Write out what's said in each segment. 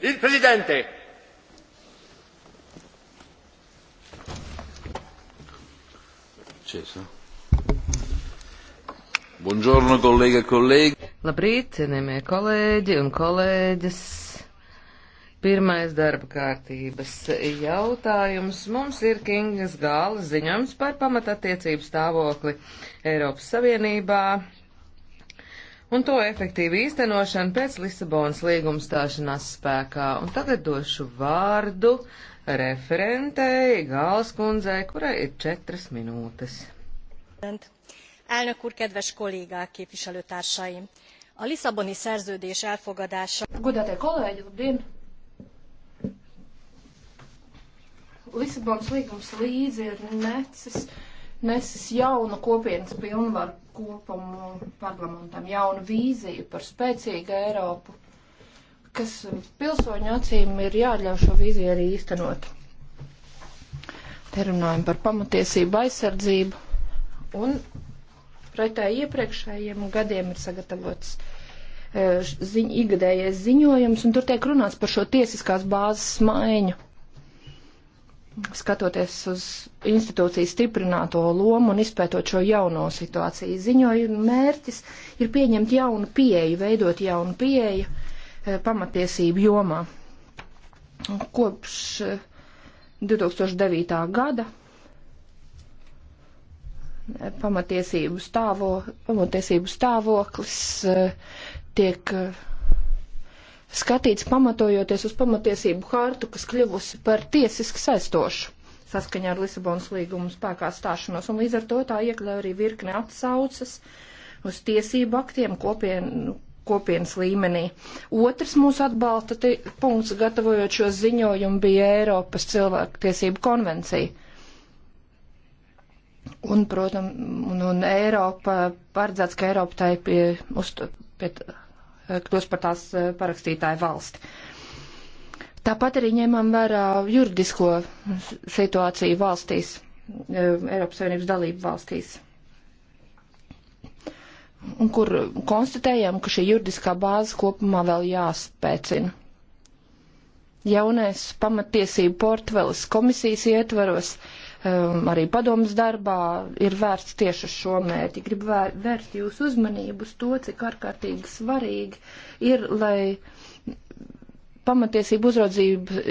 Il Presidente. Cesa. Buongiorno, kolēģi, e kolēģi. Labrīt, cienījamie kolēģi un kolēģis. Pirmais darba kārtības jautājums mums ir Kingas gāla ziņojums par pamatattiecību stāvokli Eiropas Savienībā un to efektīvu īstenošanu pēc Lisabonas līguma stāšanās spēkā. Un tagad došu vārdu referentei Gāls kundzei, kurai ir četras minūtes. Elnök úr, kedves kollégák, képviselőtársaim! A Lisszaboni szerződés elfogadása... Godātie kolēģi, labdien! Lisabonas līgums līdzi ir necis, necis jaunu kopienas pilnvaru kopumu parlamentam jaunu vīziju par spēcīgu Eiropu, kas pilsoņu acīm ir jāļauj šo vīziju arī īstenot. Te runājam par pamatiesību aizsardzību un pretēji iepriekšējiem gadiem ir sagatavots eh, ziņ, ikgadējais ziņojums, un tur tiek runāts par šo tiesiskās bāzes maiņu skatoties uz institūcijas stiprināto lomu un izpētot šo jauno situāciju. Ziņojuma mērķis ir pieņemt jaunu pieeju, veidot jaunu pieeju eh, pamatiesību jomā. Kopš 2009. Eh, gada eh, pamatiesību, stāvo, pamatiesību stāvoklis tiek skatīts pamatojoties uz pamatiesību hārtu, kas kļuvusi par tiesiski saistošu saskaņā ar Lisabonas līgumu spēkā stāšanos, un līdz ar to tā iekļauj arī virkni atsaucas uz tiesību aktiem kopien, kopienas līmenī. Otrs mūsu atbalsta punkts, gatavojot šo ziņojumu, bija Eiropas cilvēktiesību konvencija. Un, protams, un, un Eiropa, paredzēts, ka Eiropa tai pie, uz, pie Eh, kļūst par tās eh, parakstītāju valsti. Tāpat arī ņemam vērā juridisko situāciju valstīs, eh, Eiropas Savienības dalību valstīs, un kur konstatējam, ka šī juridiskā bāze kopumā vēl jāspēcina. Jaunais pamatiesību portfelis komisijas ietvaros uh, Um, arī padomas darbā ir vērsts tieši uz šo mērķi. Gribu vērst jūsu uzmanību uz to, cik ārkārtīgi svarīgi ir, lai pamatiesību uzraudzība,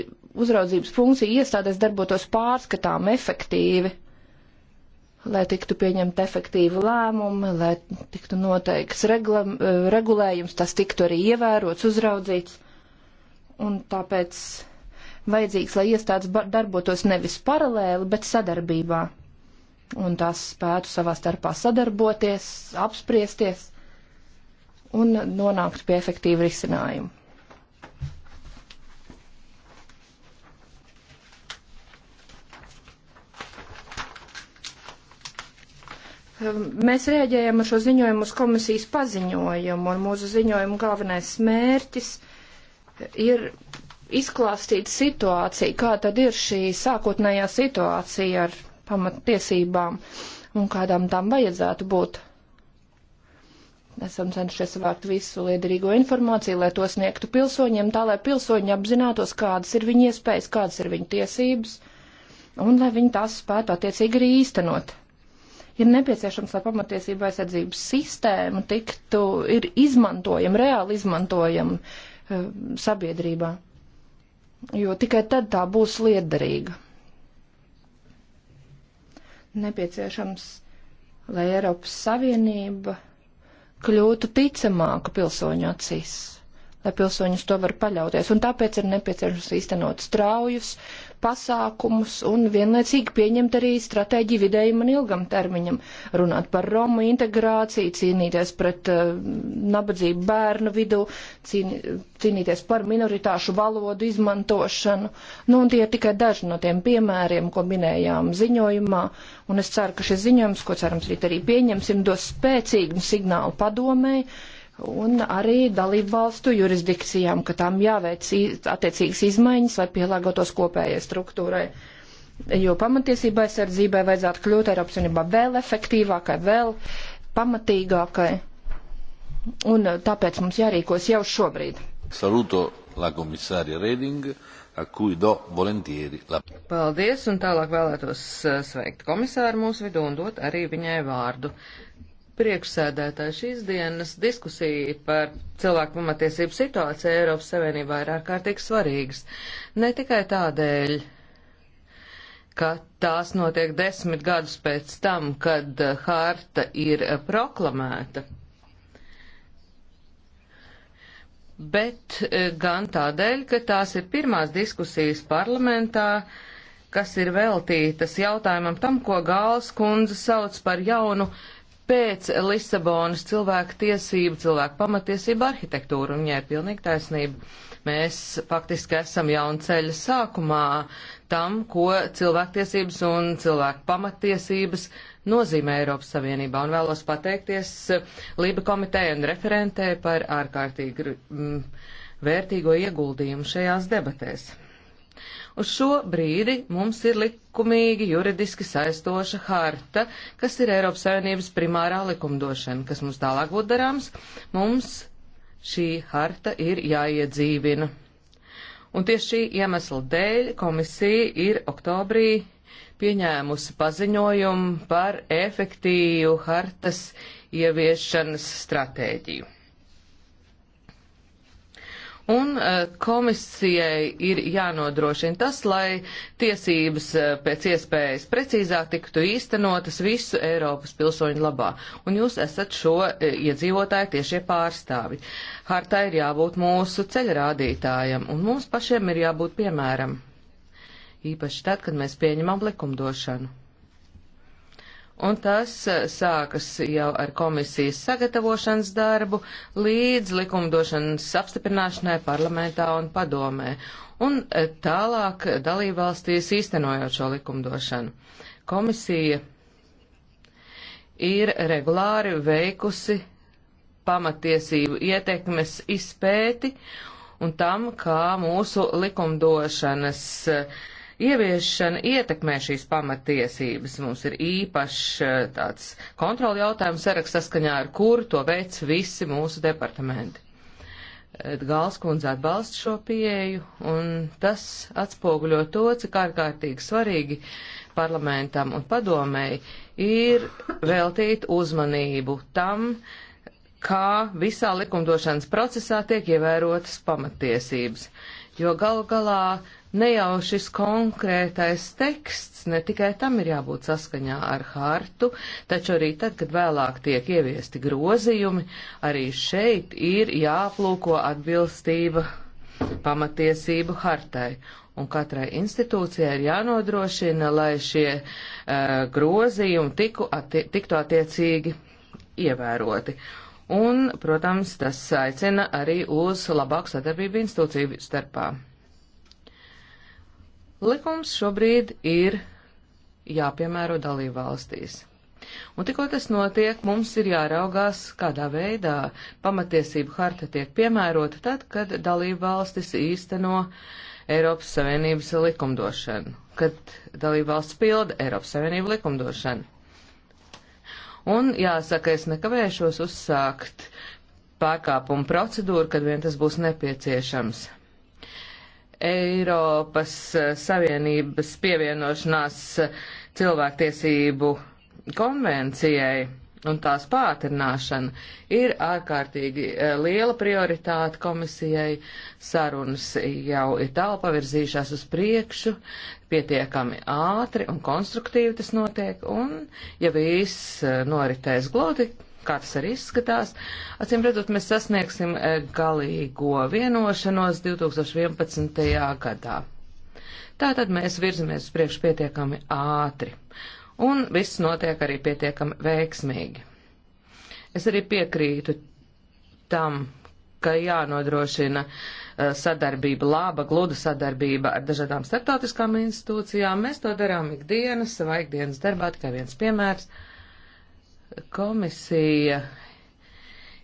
uzraudzības funkcija iestādēs darbotos pārskatām efektīvi, lai tiktu pieņemta efektīva lēmuma, lai tiktu noteikts regla, uh, regulējums, tas tiktu arī ievērots, uzraudzīts. Un tāpēc vajadzīgs, lai iestādes darbotos nevis paralēli, bet sadarbībā. Un tās spētu savā starpā sadarboties, apspriesties un nonākt pie efektīva risinājuma. Um, mēs rēģējam ar šo ziņojumu uz komisijas paziņojumu, un mūsu ziņojuma galvenais mērķis ir izklāstīt situāciju, kā tad ir šī sākotnējā situācija ar pamattiesībām un kādām tam vajadzētu būt. Esam cenšies vākt visu liederīgo informāciju, lai to sniegtu pilsoņiem, tā lai pilsoņi apzinātos, kādas ir viņu iespējas, kādas ir viņu tiesības, un lai viņi tās spētu attiecīgi arī īstenot ir nepieciešams, lai pamatiesība aizsardzības sistēma tiktu, ir izmantojama, reāli izmantojama eh, sabiedrībā jo tikai tad tā būs liederīga. Nepieciešams, lai Eiropas Savienība kļūtu ticamāka pilsoņu acīs, lai pilsoņus to var paļauties, un tāpēc ir nepieciešams īstenot straujus, pasākumus un vienlaicīgi pieņemt arī stratēģiju vidējiem un ilgam termiņam. Runāt par Romu integrāciju, cīnīties pret uh, nabadzību bērnu vidu, cīn, cīnīties par minoritāšu valodu izmantošanu. Nu, un tie ir tikai daži no tiem piemēriem, ko minējām ziņojumā. Un es ceru, ka šis ziņojums, ko cerams rīt arī pieņemsim, dos spēcīgu signālu padomēji un arī dalību valstu jurisdikcijām, ka tām jāveic attiecīgas izmaiņas, lai pielāgotos kopējai struktūrai. Jo pamatiesība aizsardzībai vajadzētu kļūt Eiropas Unībā vēl efektīvākai, vēl pamatīgākai. Un eh, tāpēc mums jārīkos jau šobrīd. Saluto la komisārija Redinga, a cui do volentieri la. Paldies, un tālāk vēlētos eh, sveikt komisāru mūsu vidū un dot arī viņai vārdu. Uh, Priekšsēdētāji, šīs dienas diskusija par cilvēku pamatiesību situāciju Eiropas Savienībā ir ārkārtīgi svarīgas. Ne tikai tādēļ, ka tās notiek desmit gadus pēc tam, kad eh, harta ir eh, proklamēta, bet eh, gan tādēļ, ka tās ir pirmās diskusijas parlamentā, kas ir veltītas jautājumam tam, ko Gāls kundze sauc par jaunu uh, pēc Lisabonas cilvēku tiesību, cilvēku pamatiesību arhitektūru, un viņai ir pilnīgi taisnība. Mēs faktiski esam jauna ceļa sākumā tam, ko cilvēktiesības un cilvēku pamatiesības nozīmē Eiropas Savienībā, un vēlos pateikties Lība komiteja un referentē par ārkārtīgi vērtīgo ieguldījumu šajās debatēs. Uz šo brīdi mums ir likumīgi juridiski saistoša harta, kas ir Eiropas Savienības primārā likumdošana, kas mums tālāk būtu darāms. Mums šī harta ir jāiedzīvina. Un tieši šī iemesla dēļ komisija ir oktobrī pieņēmusi paziņojumu par efektīvu hartas ieviešanas stratēģiju. Un e, komisijai ir jānodrošina tas, lai tiesības e, pēc iespējas precīzāk tiktu īstenotas visu Eiropas pilsoņu labā. Un jūs esat šo e, iedzīvotāju tiešie pārstāvi. Hartā ir jābūt mūsu ceļrādītājam, un mums pašiem ir jābūt piemēram. Īpaši tad, kad mēs pieņemam likumdošanu un tas e, sākas jau ar komisijas sagatavošanas darbu līdz likumdošanas apstiprināšanai parlamentā un padomē, un e, tālāk dalībvalstīs īstenojot šo likumdošanu. Komisija ir regulāri veikusi pamatiesību ietekmes izpēti un tam, kā mūsu likumdošanas uh, Ieviešana ietekmē šīs pamatiesības. Mums ir īpašs eh, tāds kontroli jautājums saraksts saskaņā ar kuru to veic visi mūsu departamenti. Galskundze atbalsta šo pieeju, un tas atspoguļo to, cik ārkārtīgi svarīgi parlamentam un padomēji ir veltīt uzmanību tam, kā visā likumdošanas procesā tiek ievērotas pamatiesības jo galu galā ne jau šis konkrētais teksts, ne tikai tam ir jābūt saskaņā ar hartu, taču arī tad, kad vēlāk tiek ieviesti grozījumi, arī šeit ir jāplūko atbilstība pamatiesību hartai. Un katrai institūcijai ir jānodrošina, lai šie uh, grozījumi tiku atti tiktu attiecīgi ievēroti. Un, protams, tas aicina arī uz labāku sadarbību institūciju starpā. Likums šobrīd ir jāpiemēro dalībvalstīs. Un tikko tas notiek, mums ir jāraugās, kādā veidā pamatiesību harta tiek piemērota tad, kad dalība valstis īsteno Eiropas Savienības likumdošanu, kad dalība valsts pilda Eiropas Savienību likumdošanu. Un jāsaka, es nekavēšos uzsākt pārkāpumu procedūru, kad vien tas būs nepieciešams. Eiropas eh, Savienības pievienošanās eh, cilvēktiesību konvencijai un tās pātrināšana ir ārkārtīgi eh, liela prioritāte komisijai. Sarunas jau ir tālu pavirzījušās uz priekšu, pietiekami ātri un konstruktīvi tas notiek, un ja viss noritēs gloti, kā tas arī izskatās. Acīm redzot, mēs sasniegsim e, galīgo vienošanos 2011. gadā. Tātad mēs virzamies uz priekšu pietiekami ātri, un viss notiek arī pietiekami veiksmīgi. Es arī piekrītu tam, ka jānodrošina e, sadarbība, laba, gluda sadarbība ar dažādām starptautiskām institūcijām. Mēs to darām ikdienas, savā ikdienas darbā, tikai viens piemērs. Uh, Komisija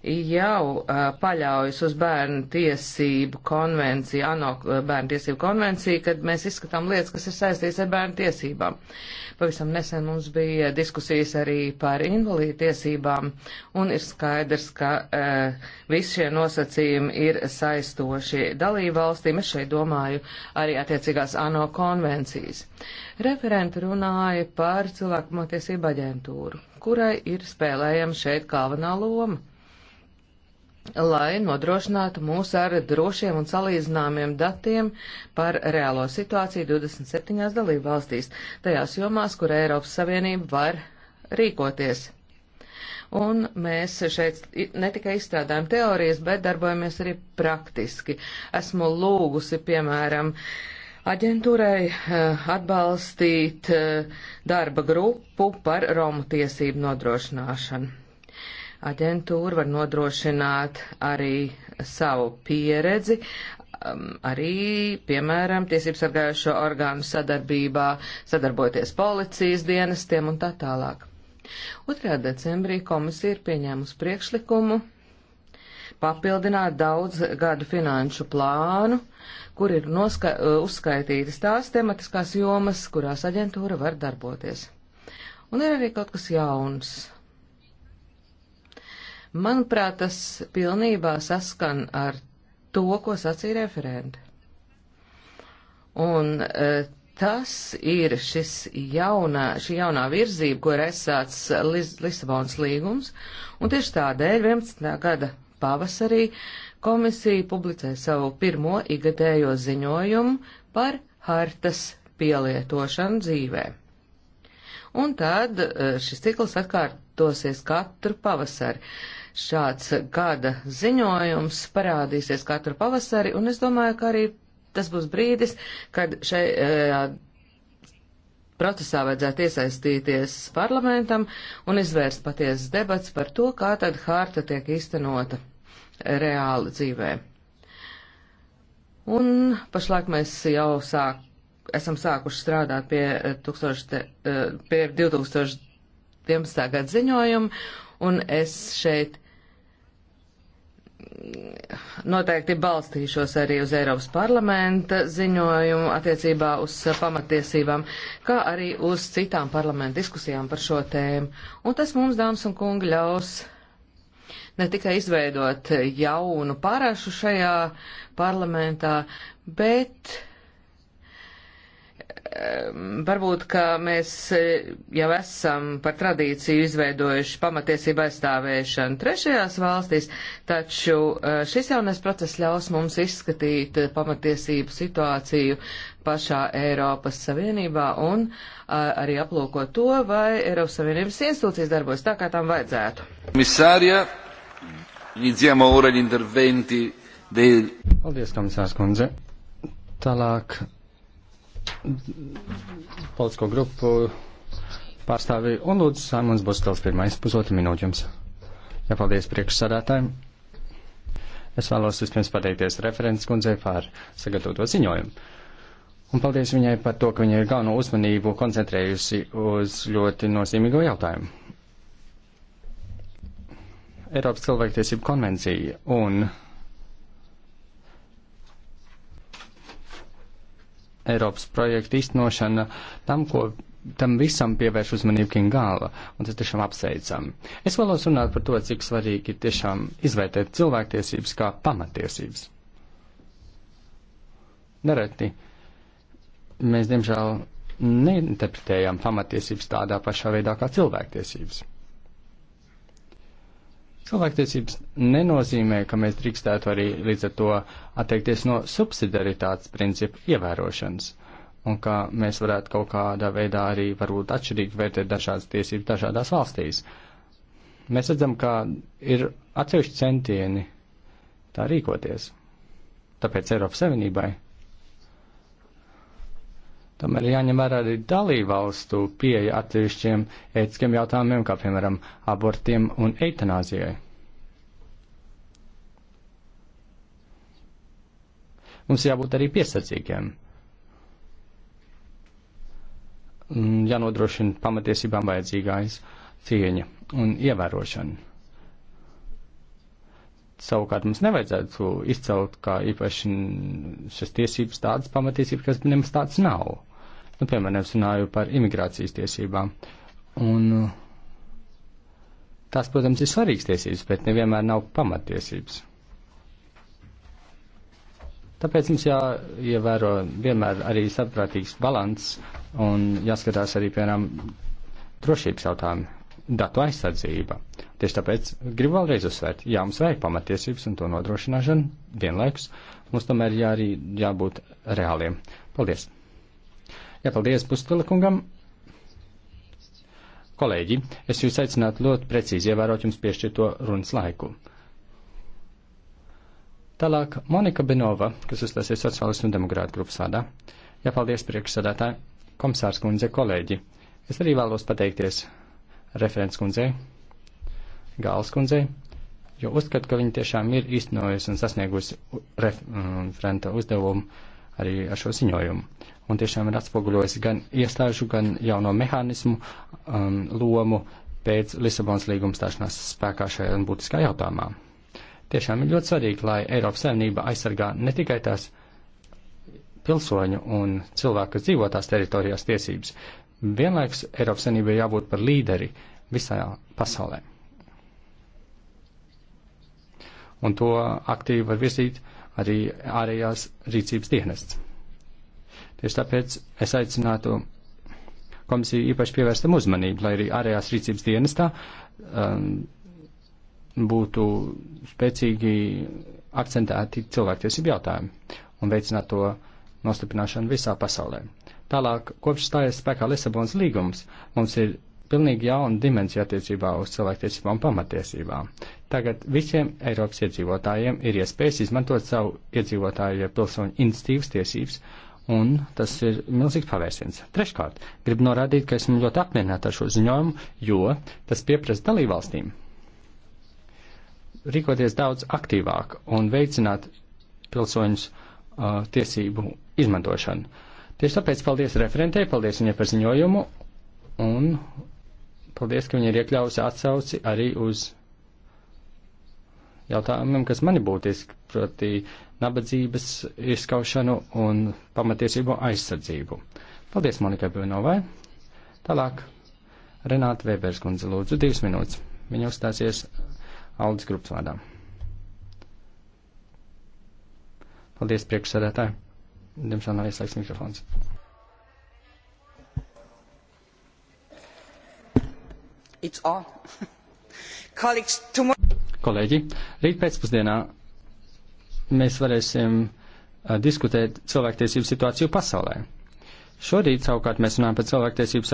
jau uh, paļaujas uz bērnu tiesību konvenciju, ANO bērnu tiesību konvenciju, kad mēs izskatām lietas, kas ir saistīts ar bērnu tiesībām. Pavisam nesen mums bija diskusijas arī par invalīdu tiesībām, un ir skaidrs, ka uh, visi šie nosacījumi ir saistoši dalību valstīm. Es šeit domāju arī attiecīgās ANO konvencijas. Referenti runāja par cilvēku matiesību aģentūru, kurai ir spēlējama šeit galvenā loma lai nodrošinātu mūs ar drošiem un salīdzināmiem datiem par reālo situāciju 27 dalību valstīs, tajās jomās, kur Eiropas Savienība var rīkoties. Un mēs šeit ne tikai izstrādājam teorijas, bet darbojamies arī praktiski. Esmu lūgusi, piemēram, aģentūrai eh, atbalstīt eh, darba grupu par Romu tiesību nodrošināšanu aģentūra var nodrošināt arī savu pieredzi, um, arī, piemēram, tiesību sargājušo orgānu sadarbībā, sadarboties policijas dienestiem un tā tālāk. 2. decembrī komisija ir pieņēmusi priekšlikumu papildināt daudz gadu finanšu plānu, kur ir noska, uh, uzskaitītas tās tematiskās jomas, kurās aģentūra var darboties. Un ir arī kaut kas jauns Manuprāt, tas pilnībā saskan ar to, ko sacīja referenti. Un e, tas ir šis jaunā, šī jaunā virzība, ko ir aizsācis Lis Lisabonas līgums, un tieši tādēļ 11. gada pavasarī komisija publicē savu pirmo igadējo ziņojumu par hartas pielietošanu dzīvē. Un tad e, šis cikls atkārtosies katru pavasari. Šāds gada ziņojums parādīsies katru pavasari, un es domāju, ka arī tas būs brīdis, kad šai e, procesā vajadzētu iesaistīties parlamentam un izvērst patiesas debats par to, kā tad harta tiek īstenota reāli dzīvē. Un pašlaik mēs jau sāk, esam sākuši strādāt pie, 1000, te, pie 2011. gada ziņojuma, un es šeit noteikti balstīšos arī uz Eiropas parlamenta ziņojumu attiecībā uz uh, pamatiesībām, kā arī uz citām parlamenta diskusijām par šo tēmu. Un tas mums, dāmas un kungi, ļaus ne tikai izveidot jaunu parašu šajā parlamentā, bet Ehm, varbūt, ka mēs e, jau esam par tradīciju izveidojuši pamatiesību aizstāvēšanu trešajās valstīs, taču e, šis jaunais process ļaus mums izskatīt e, pamatiesību situāciju pašā Eiropas Savienībā un arī aplūkot to, vai Eiropas Savienības institūcijas darbojas tā, kā tām vajadzētu. Komisārija, iniziamo ora gli interventi del... Paldies, komisārs kundze. Tālāk politisko grupu pārstāvi un lūdzu Saimons Bustels pirmais pusotru minūti jums. Jā, paldies priekšsādātājiem. Es vēlos vispirms pateikties referents kundzei par sagatavoto ziņojumu. Un paldies viņai par to, ka viņa ir galveno uzmanību koncentrējusi uz ļoti nozīmīgo jautājumu. Eiropas cilvēktiesību konvencija un Eiropas projektu iztenošana tam, ko tam visam pievērš uzmanību kā gala, un tas tiešām apsveicami. Es vēlos runāt par to, cik svarīgi ir tiešām izvērtēt cilvēktiesības kā pamatiesības. Nereti mēs, diemžēl, neinterpretējam pamatiesības tādā pašā veidā kā cilvēktiesības. Cilvēktiesības nenozīmē, ka mēs drīkstētu arī līdz ar to atteikties no subsidiaritātes principu ievērošanas, un ka mēs varētu kaut kādā veidā arī varbūt atšķirīgi vērtēt dažādas tiesības dažādās valstīs. Mēs redzam, ka ir atsevišķi centieni tā rīkoties. Tāpēc Eiropas Savienībai Tomēr jāņem vērā arī dalībvalstu pieeja atsevišķiem ētiskiem jautājumiem, kā piemēram abortiem un eitanāzijai. Mums jābūt arī piesardzīgiem. Jānodrošina pamatiesībām vajadzīgais cieņa un ievērošana savukārt mums nevajadzētu izcelt kā īpaši šas tiesības tādas pamatiesības, kas nemaz tāds nav. Nu, piemēram, es runāju par imigrācijas tiesībām. Un tās, protams, ir svarīgas tiesības, bet nevienmēr nav pamatiesības. Tāpēc mums jāievēro vienmēr arī saprātīgs balans un jāskatās arī, piemēram, drošības jautājumi, datu aizsardzība. Tieši tāpēc gribu vēlreiz uzsvērt, jā, mums vajag pamatiesības un to nodrošināšanu vienlaikus. Mums tomēr jā arī jābūt reāliem. Paldies! Jā, paldies Pustelekungam. Kolēģi, es jūs aicinātu ļoti precīzi ievērot jums piešķirto runas laiku. Tālāk Monika Benova, kas uzstāsies sociālistu un demokrātu grupas vārdā. Jā, paldies priekšsādātāji, komisārs kundze, kolēģi. Es arī vēlos pateikties referents kundzei, Gāls kundzei, jo uzskatu, ka viņa tiešām ir iznojusi un sasniegusi referenta uzdevumu arī ar šo ziņojumu. Un tiešām ir atspoguļojis gan iestāžu, gan jauno mehānismu um, lomu pēc Lisabonas līguma stāšanās spēkā šajā būtiskā jautājumā. Tiešām ir ļoti svarīgi, lai Eiropas saimnība aizsargā ne tikai tās pilsoņu un cilvēku, kas dzīvo tās teritorijās tiesības. Vienlaikus Eiropas saimnībai jābūt par līderi visā pasaulē. Un to aktīvi var virzīt uh, arī ārējās rīcības dienests. Tieši tāpēc es aicinātu komisiju īpaši pievērstam uzmanību, lai arī ārējās rīcības dienestā um, būtu spēcīgi akcentēti cilvēktiesību jautājumi un veicināt to nostiprināšanu visā pasaulē. Tālāk, kopš stājas spēkā Lisabonas līgums, mums ir pilnīgi jauna dimensija attiecībā uz cilvēktiesībām un pamatiesībām. Tagad visiem Eiropas iedzīvotājiem ir iespējas izmantot savu iedzīvotāju ja pilsoņu institīvas tiesības, un tas ir milzīgs pavērsiens. Treškārt, gribu norādīt, ka esmu ļoti apmierināta ar šo ziņojumu, jo tas pieprasa dalībvalstīm rīkoties daudz aktīvāk un veicināt pilsoņus uh, tiesību izmantošanu. Tieši tāpēc paldies referentē, paldies viņai par ziņojumu un Paldies, ka viņi ir iekļāvusi atsauci arī uz jautājumiem, kas mani būtiski, proti nabadzības izskaušanu un pamatiesību aizsardzību. Paldies, Monika Binovai. Tālāk, Renāta Vēberskundze, lūdzu, divas minūtes. Viņa uzstāsies Aldis grupas vārdā. Paldies, priekšsēdētāji. Diemžēl nav ieslēgts mikrofons. Kolēģi, rīt pēcpusdienā mēs varēsim uh, diskutēt cilvēktiesību situāciju pasaulē. Šorīt savukārt mēs runājam par cilvēktiesību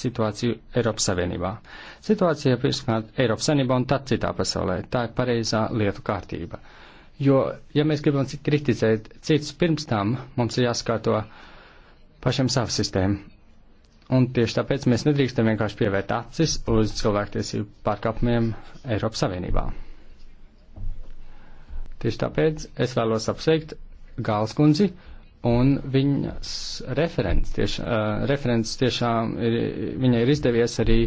situāciju Eiropas Savienībā. Situācija pirmkārt Eiropas Savienībā un tad citā pasaulē. Tā ir pareizā lietu kārtība. Jo, ja mēs gribam kritizēt citus pirms tam, mums ir jāskārto pašiem savu sistēmu. Un tieši tāpēc mēs nedrīkstam vienkārši pievērt acis uz cilvēktiesību pārkāpumiem Eiropas Savienībā. Tieši tāpēc es vēlos apsveikt Gāles kundzi un viņas referents. Tieši, uh, referents tiešām ir, viņai ir izdevies arī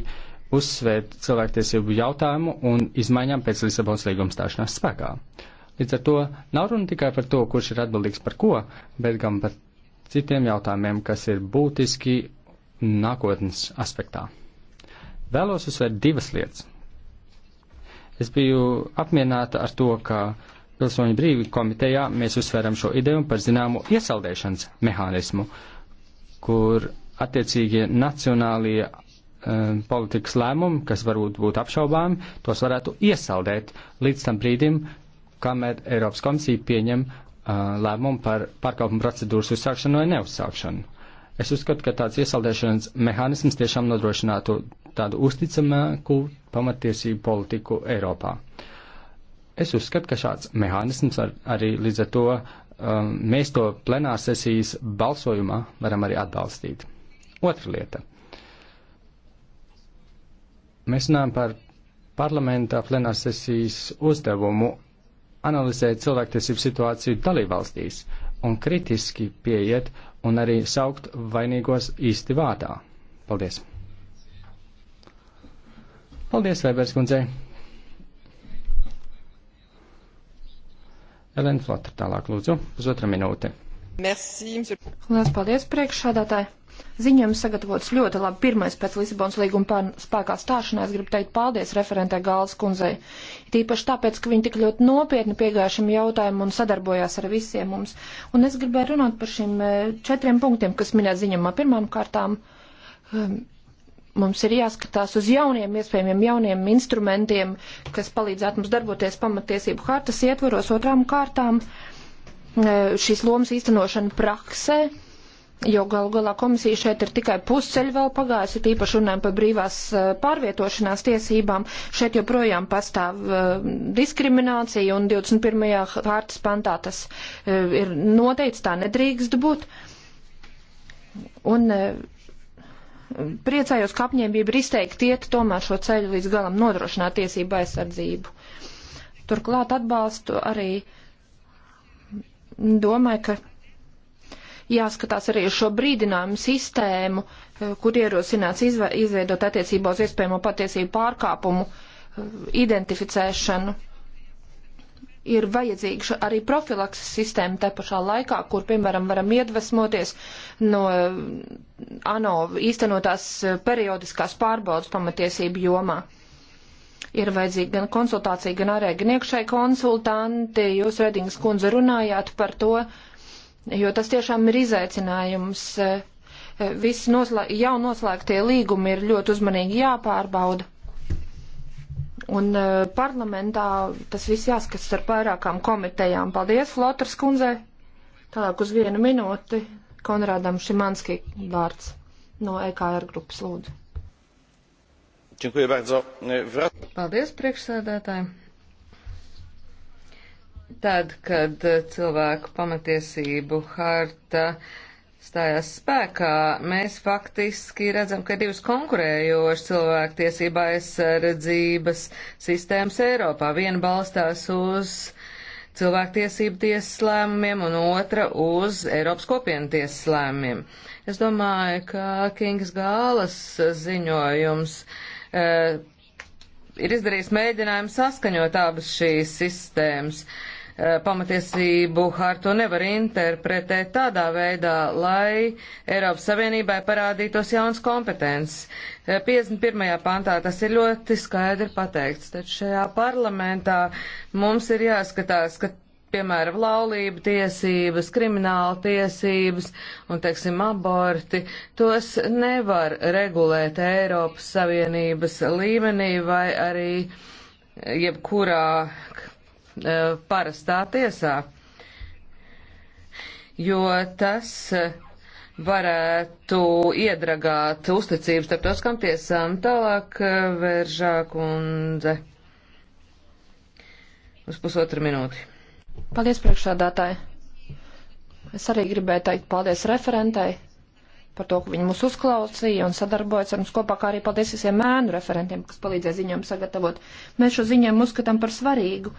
uzsvērt cilvēktiesību jautājumu un izmaiņām pēc Lisabonas līguma stāšanās spēkā. Līdz ar to nav runa tikai par to, kurš ir atbildīgs par ko, bet gan par citiem jautājumiem, kas ir būtiski nākotnes aspektā. Vēlos uzsvērt divas lietas. Es biju apmierināta ar to, ka Pilsoņu brīvi komitejā mēs uzsveram šo ideju par zināmu iesaldēšanas mehānismu, kur attiecīgie nacionālie eh, politikas lēmumi, kas varbūt būtu apšaubāmi, tos varētu iesaldēt līdz tam brīdim, kamēr Eiropas komisija pieņem uh, lēmumu par pārkāpumu procedūras uzsākšanu vai neuzsākšanu. Es uzskatu, ka tāds iesaldēšanas mehānisms tiešām nodrošinātu tādu uzticamāku pamatiesību politiku Eiropā. Es uzskatu, ka šāds mehānisms ar, arī līdz ar to um, mēs to plenārsesijas balsojumā varam arī atbalstīt. Otra lieta. Mēs runājam par parlamentā plenārsesijas uzdevumu analizēt cilvēktiesību situāciju dalībvalstīs un kritiski pieiet un arī saukt vainīgos īsti vārdā. Paldies! Paldies, Vēbers kundzei! Elena Flotra tālāk lūdzu, pusotra minūte. Merci, Lielas paldies, priekšsādātāji! Ziņojums sagatavots ļoti labi. Pirmais pēc Lisabonas līguma spēkā stāšanās gribu teikt paldies referentē Gāles kundzei. Tīpaši tāpēc, ka viņi tik ļoti nopietni piegāja šim jautājumam un sadarbojās ar visiem mums. Un es gribēju runāt par šiem eh, četriem punktiem, kas minēt ziņamā. Pirmām kārtām. Um, mums ir jāskatās uz jauniem iespējamiem jauniem instrumentiem, kas palīdzētu mums darboties pamatiesību hartas ietvaros otrām kārtām eh, šīs lomas īstenošana praksē jo gal galā komisija šeit ir tikai pusceļ vēl pagājusi, tīpaši runājam par brīvās eh, pārvietošanās tiesībām. Šeit joprojām pastāv uh, diskriminācija un 21. hārtas pantā tas uh, ir noteikts, tā nedrīkst būt. Un uh, priecājos, ka apņēmība ir izteikti iet tomēr šo ceļu līdz galam nodrošināt tiesību aizsardzību. Turklāt atbalstu arī domāju, ka jāskatās arī uz šo brīdinājumu sistēmu, eh, kur ierosināts izveidot attiecībā uz iespējamo patiesību pārkāpumu eh, identificēšanu. Ir vajadzīga arī profilakses sistēma te pašā laikā, kur, piemēram, varam iedvesmoties no eh, ANO īstenotās periodiskās pārbaudas pamatiesību jomā ir vajadzīga gan konsultācija, gan arī gan iekšēji konsultanti. Jūs, Redings kundze, runājāt par to, jo tas tiešām ir izaicinājums. Visi noslē, jau noslēgtie līgumi ir ļoti uzmanīgi jāpārbauda. Un e, parlamentā tas viss jāskatās ar vairākām komitejām. Paldies, Flotras kundzei! Tālāk uz vienu minūti Konrādam Šimanski vārds no EKR grupas lūdzu. Paldies, priekšsēdētāji tad, kad cilvēku pamatiesību harta stājās spēkā, mēs faktiski redzam, ka divas konkurējošas cilvēktiesība aizsardzības sistēmas Eiropā. Viena balstās uz cilvēktiesību tiesas lēmumiem un otra uz Eiropas kopienu tiesas lēmumiem. Es domāju, ka Kingas gālas ziņojums e, ir izdarījis mēģinājumu saskaņot abas šīs sistēmas. E, Eh, pamatiesību hartu nevar interpretēt tādā veidā, lai Eiropas Savienībai parādītos jauns kompetences. Eh, 51. pantā tas ir ļoti skaidri pateikts, taču šajā parlamentā mums ir jāskatās, ka piemēram, laulība tiesības, krimināla tiesības un, teiksim, aborti, tos nevar regulēt Eiropas Savienības līmenī vai arī jebkurā E, parastā tiesā, jo tas varētu iedragāt uzticības starptautiskām tiesām. Tālāk e, vēržā kundze uz pusotru minūti. Paldies priekšsādātāji. Es arī gribēju teikt paldies referentai par to, ka viņi mūs uzklausīja un sadarbojas ar mums kopā, kā arī paldies visiem mēnu referentiem, kas palīdzēja ziņojumu sagatavot. Mēs šo ziņojumu uzskatām par svarīgu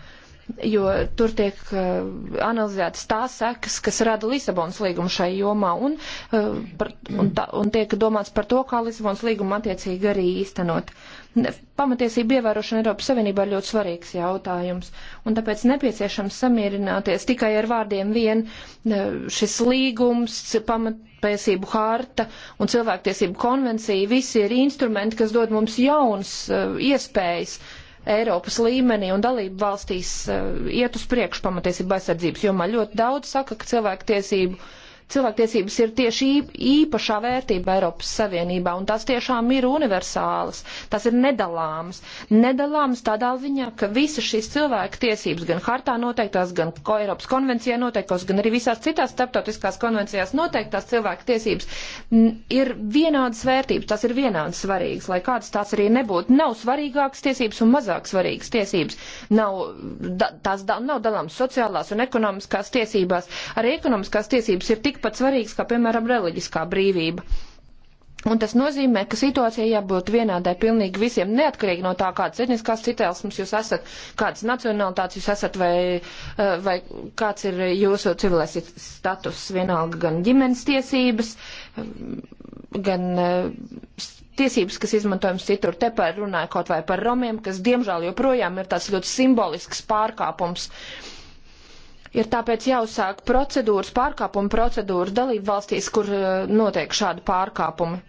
jo tur tiek uh, analizētas tās sekas, kas rada Lisabonas līgumu šai jomā, un, uh, par, un, ta, un tiek domāts par to, kā Lisabonas līgumu attiecīgi arī īstenot. Pamatiesība ievērošana Eiropas Savienībā ir ļoti svarīgs jautājums, un tāpēc nepieciešams samierināties tikai ar vārdiem vien šis līgums, pamatiesību harta un cilvēktiesību konvencija, visi ir instrumenti, kas dod mums jaunas uh, eh, iespējas uh, Eiropas līmenī un dalību valstīs eh, iet uz priekšu pamatiesību aizsardzības jomā. Ļoti daudz saka, ka cilvēktiesību cilvēktiesības ir tieši īpašā vērtība Eiropas Savienībā, un tās tiešām ir universālas, tās ir nedalāmas. Nedalāmas tādā ziņā, ka visas šīs cilvēka tiesības, gan hartā noteiktās, gan ko Eiropas konvencijā noteiktās, gan arī visās citās starptautiskās konvencijās noteiktās cilvēka tiesības, ir vienādas vērtības, tās ir vienādas svarīgas, lai kādas tās arī nebūtu. Nav svarīgākas tiesības un mazāk svarīgas tiesības. Nav, da, tās da, nav dalāmas sociālās un ekonomiskās tiesībās. Arī ekonomiskās tiesības ir tik tikpat svarīgs kā, piemēram, reliģiskā brīvība. Un tas nozīmē, ka situācija jābūt vienādai pilnīgi visiem, neatkarīgi no tā, kādas etniskās citēlesmes jūs esat, kādas nacionalitātes jūs esat vai, eh, vai kāds ir jūsu civilais status, vienalga gan ģimenes tiesības, gan eh, tiesības, kas izmantojams citur. Te par runāju kaut vai par romiem, kas diemžēl joprojām ir tāds ļoti simbolisks pārkāpums. Uh, Ir tāpēc jāuzsāk procedūras, pārkāpuma procedūras dalību valstīs, kur eh, notiek šādi pārkāpumi.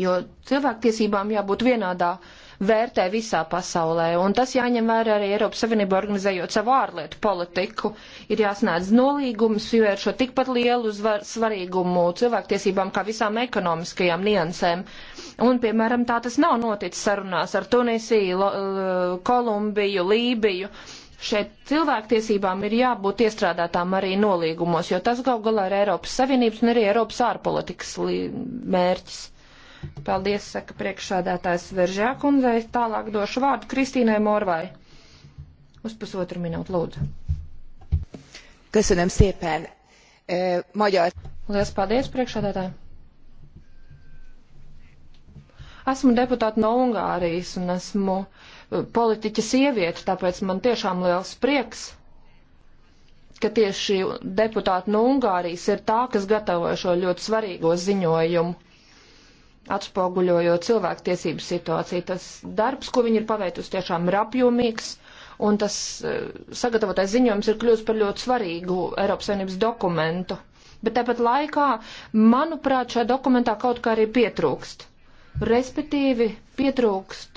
Jo cilvēktiesībām jābūt vienādā vērtē visā pasaulē, un tas jāņem vērā arī Eiropas Savienība organizējot savu ārlietu politiku. Ir jāsnēdz nolīgums, ievēršo tikpat lielu zvar, svarīgumu cilvēktiesībām kā visām ekonomiskajām niansēm. Un, piemēram, tā tas nav noticis sarunās ar Tunisiju, Kolumbiju, Lībiju. Šeit cilvēktiesībām ir jābūt iestrādātām arī nolīgumos, jo tas gal galā ir Eiropas Savienības un arī Eiropas ārpolitikas mērķis. Paldies, saka priekšsādātājs Veržā kundzei. Tālāk došu vārdu Kristīnai Morvai. Uz pusotru minūtu, lūdzu. Köszönöm szépen. E, magyar. Lielas paldies, priekšādātāji. Esmu deputāta no Ungārijas un esmu politiķa sieviete, tāpēc man tiešām liels prieks, ka tieši deputāti no Ungārijas ir tā, kas gatavoja šo ļoti svarīgo ziņojumu, atspoguļojot cilvēktiesību situāciju. Tas darbs, ko viņi ir paveikusi, tiešām ir apjomīgs, un tas e, sagatavotais ziņojums ir kļūst par ļoti svarīgu Eiropas Savienības dokumentu. Bet tāpat laikā, manuprāt, šajā dokumentā kaut kā arī pietrūkst. Respektīvi, pietrūkst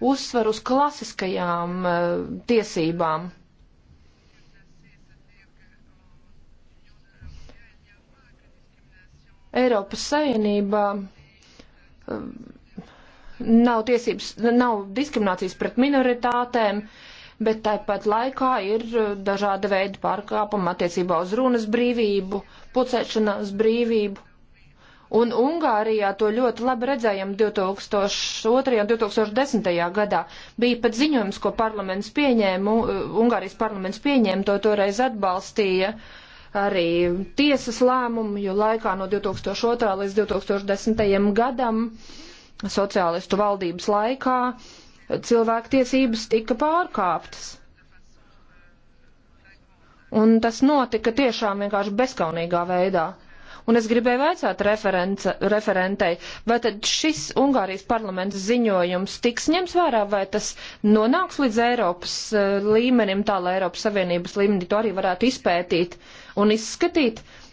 uzsver uz klasiskajām eh, tiesībām. Eiropas Savienībā eh, nav tiesības, nav diskriminācijas pret minoritātēm, bet tāpat laikā ir eh, dažāda veida pārkāpuma attiecībā uz runas brīvību, pulcēšanās brīvību. Un Ungārijā to ļoti labi redzējām 2002. un 2010. gadā. Bija pat ziņojums, ko parlaments pieņēma, uh, Ungārijas parlaments pieņēma, to toreiz atbalstīja arī tiesas lēmumu, jo laikā no 2002. līdz 2010. gadam, sociālistu valdības laikā, cilvēktiesības tika pārkāptas. Un tas notika tiešām vienkārši bezkaunīgā veidā. Un es gribēju vaicāt referentei, vai tad šis Ungārijas parlaments ziņojums tiks ņems vērā, vai tas nonāks līdz Eiropas eh, līmenim, tā lai Eiropas Savienības līmenī to arī varētu izpētīt un izskatīt. Uh,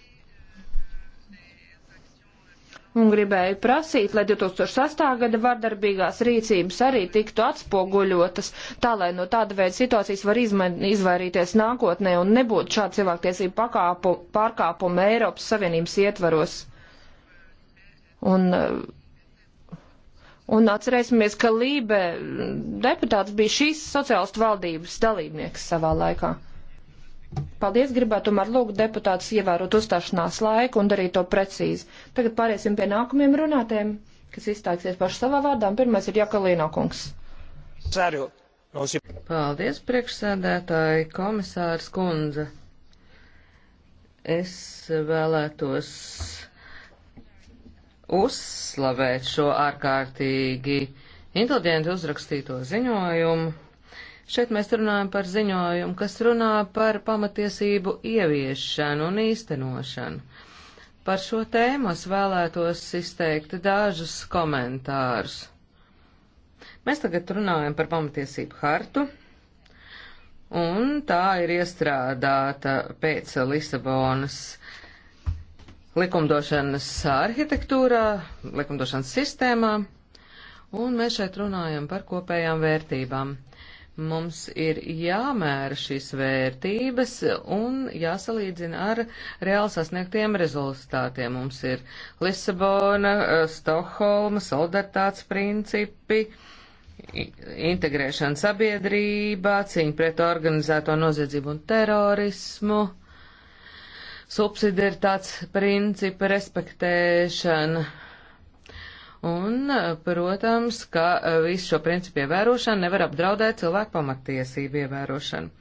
un gribēju prasīt, lai 2008. gada vardarbīgās rīcības arī tiktu atspoguļotas, tā lai no tāda veida situācijas var izvairīties nākotnē un nebūtu šāda cilvēktiesība pārkāpuma Eiropas Savienības ietvaros. Un, un atcerēsimies, ka Lībe deputāts bija šīs sociālistu valdības dalībnieks savā laikā. Paldies, gribētu tomēr lūgt deputātus ievērot uzstāšanās laiku un darīt to precīzi. Tagad pāriesim pie nākamiem runātēm, kas izstāksies paši savā vārdā. Pirmais ir Jakalīno kungs. Ceru. Paldies, priekšsēdētāji, komisārs kundze. Es vēlētos uzslavēt šo ārkārtīgi inteliģenti uzrakstīto ziņojumu Šeit mēs runājam par ziņojumu, kas runā par pamatiesību ieviešanu un īstenošanu. Par šo tēmu es vēlētos izteikt dažus komentārus. Mēs tagad runājam par pamatiesību hartu, un tā ir iestrādāta pēc Lisabonas likumdošanas arhitektūrā, likumdošanas sistēmā, un mēs šeit runājam par kopējām vērtībām. Mums ir jāmēra šīs vērtības un jāsalīdzina ar reāli sasniegtiem rezultātiem. Mums ir Lisabona, eh, Stokholma, solidaritātes principi integrēšana sabiedrībā, cīņa pret organizēto noziedzību un terorismu, subsidiaritātes principa respektēšana, Un, protams, ka eh, visu šo principu ievērošanu nevar apdraudēt cilvēku pamattiesību ievērošanu.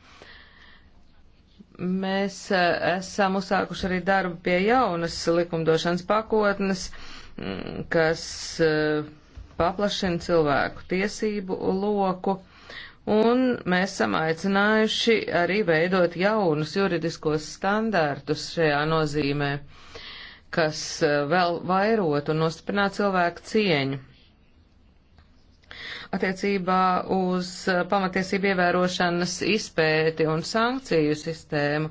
Mēs eh, esam uzsākuši arī darbu pie jaunas likumdošanas pakotnes, mm, kas eh, paplašina cilvēku tiesību loku, un mēs esam aicinājuši arī veidot jaunus juridiskos standārtus šajā nozīmē. Uh, kas e, vēl vairot un nostiprināt cilvēku cieņu. Attiecībā uz e, pamatiesību ievērošanas izpēti un sankciju sistēmu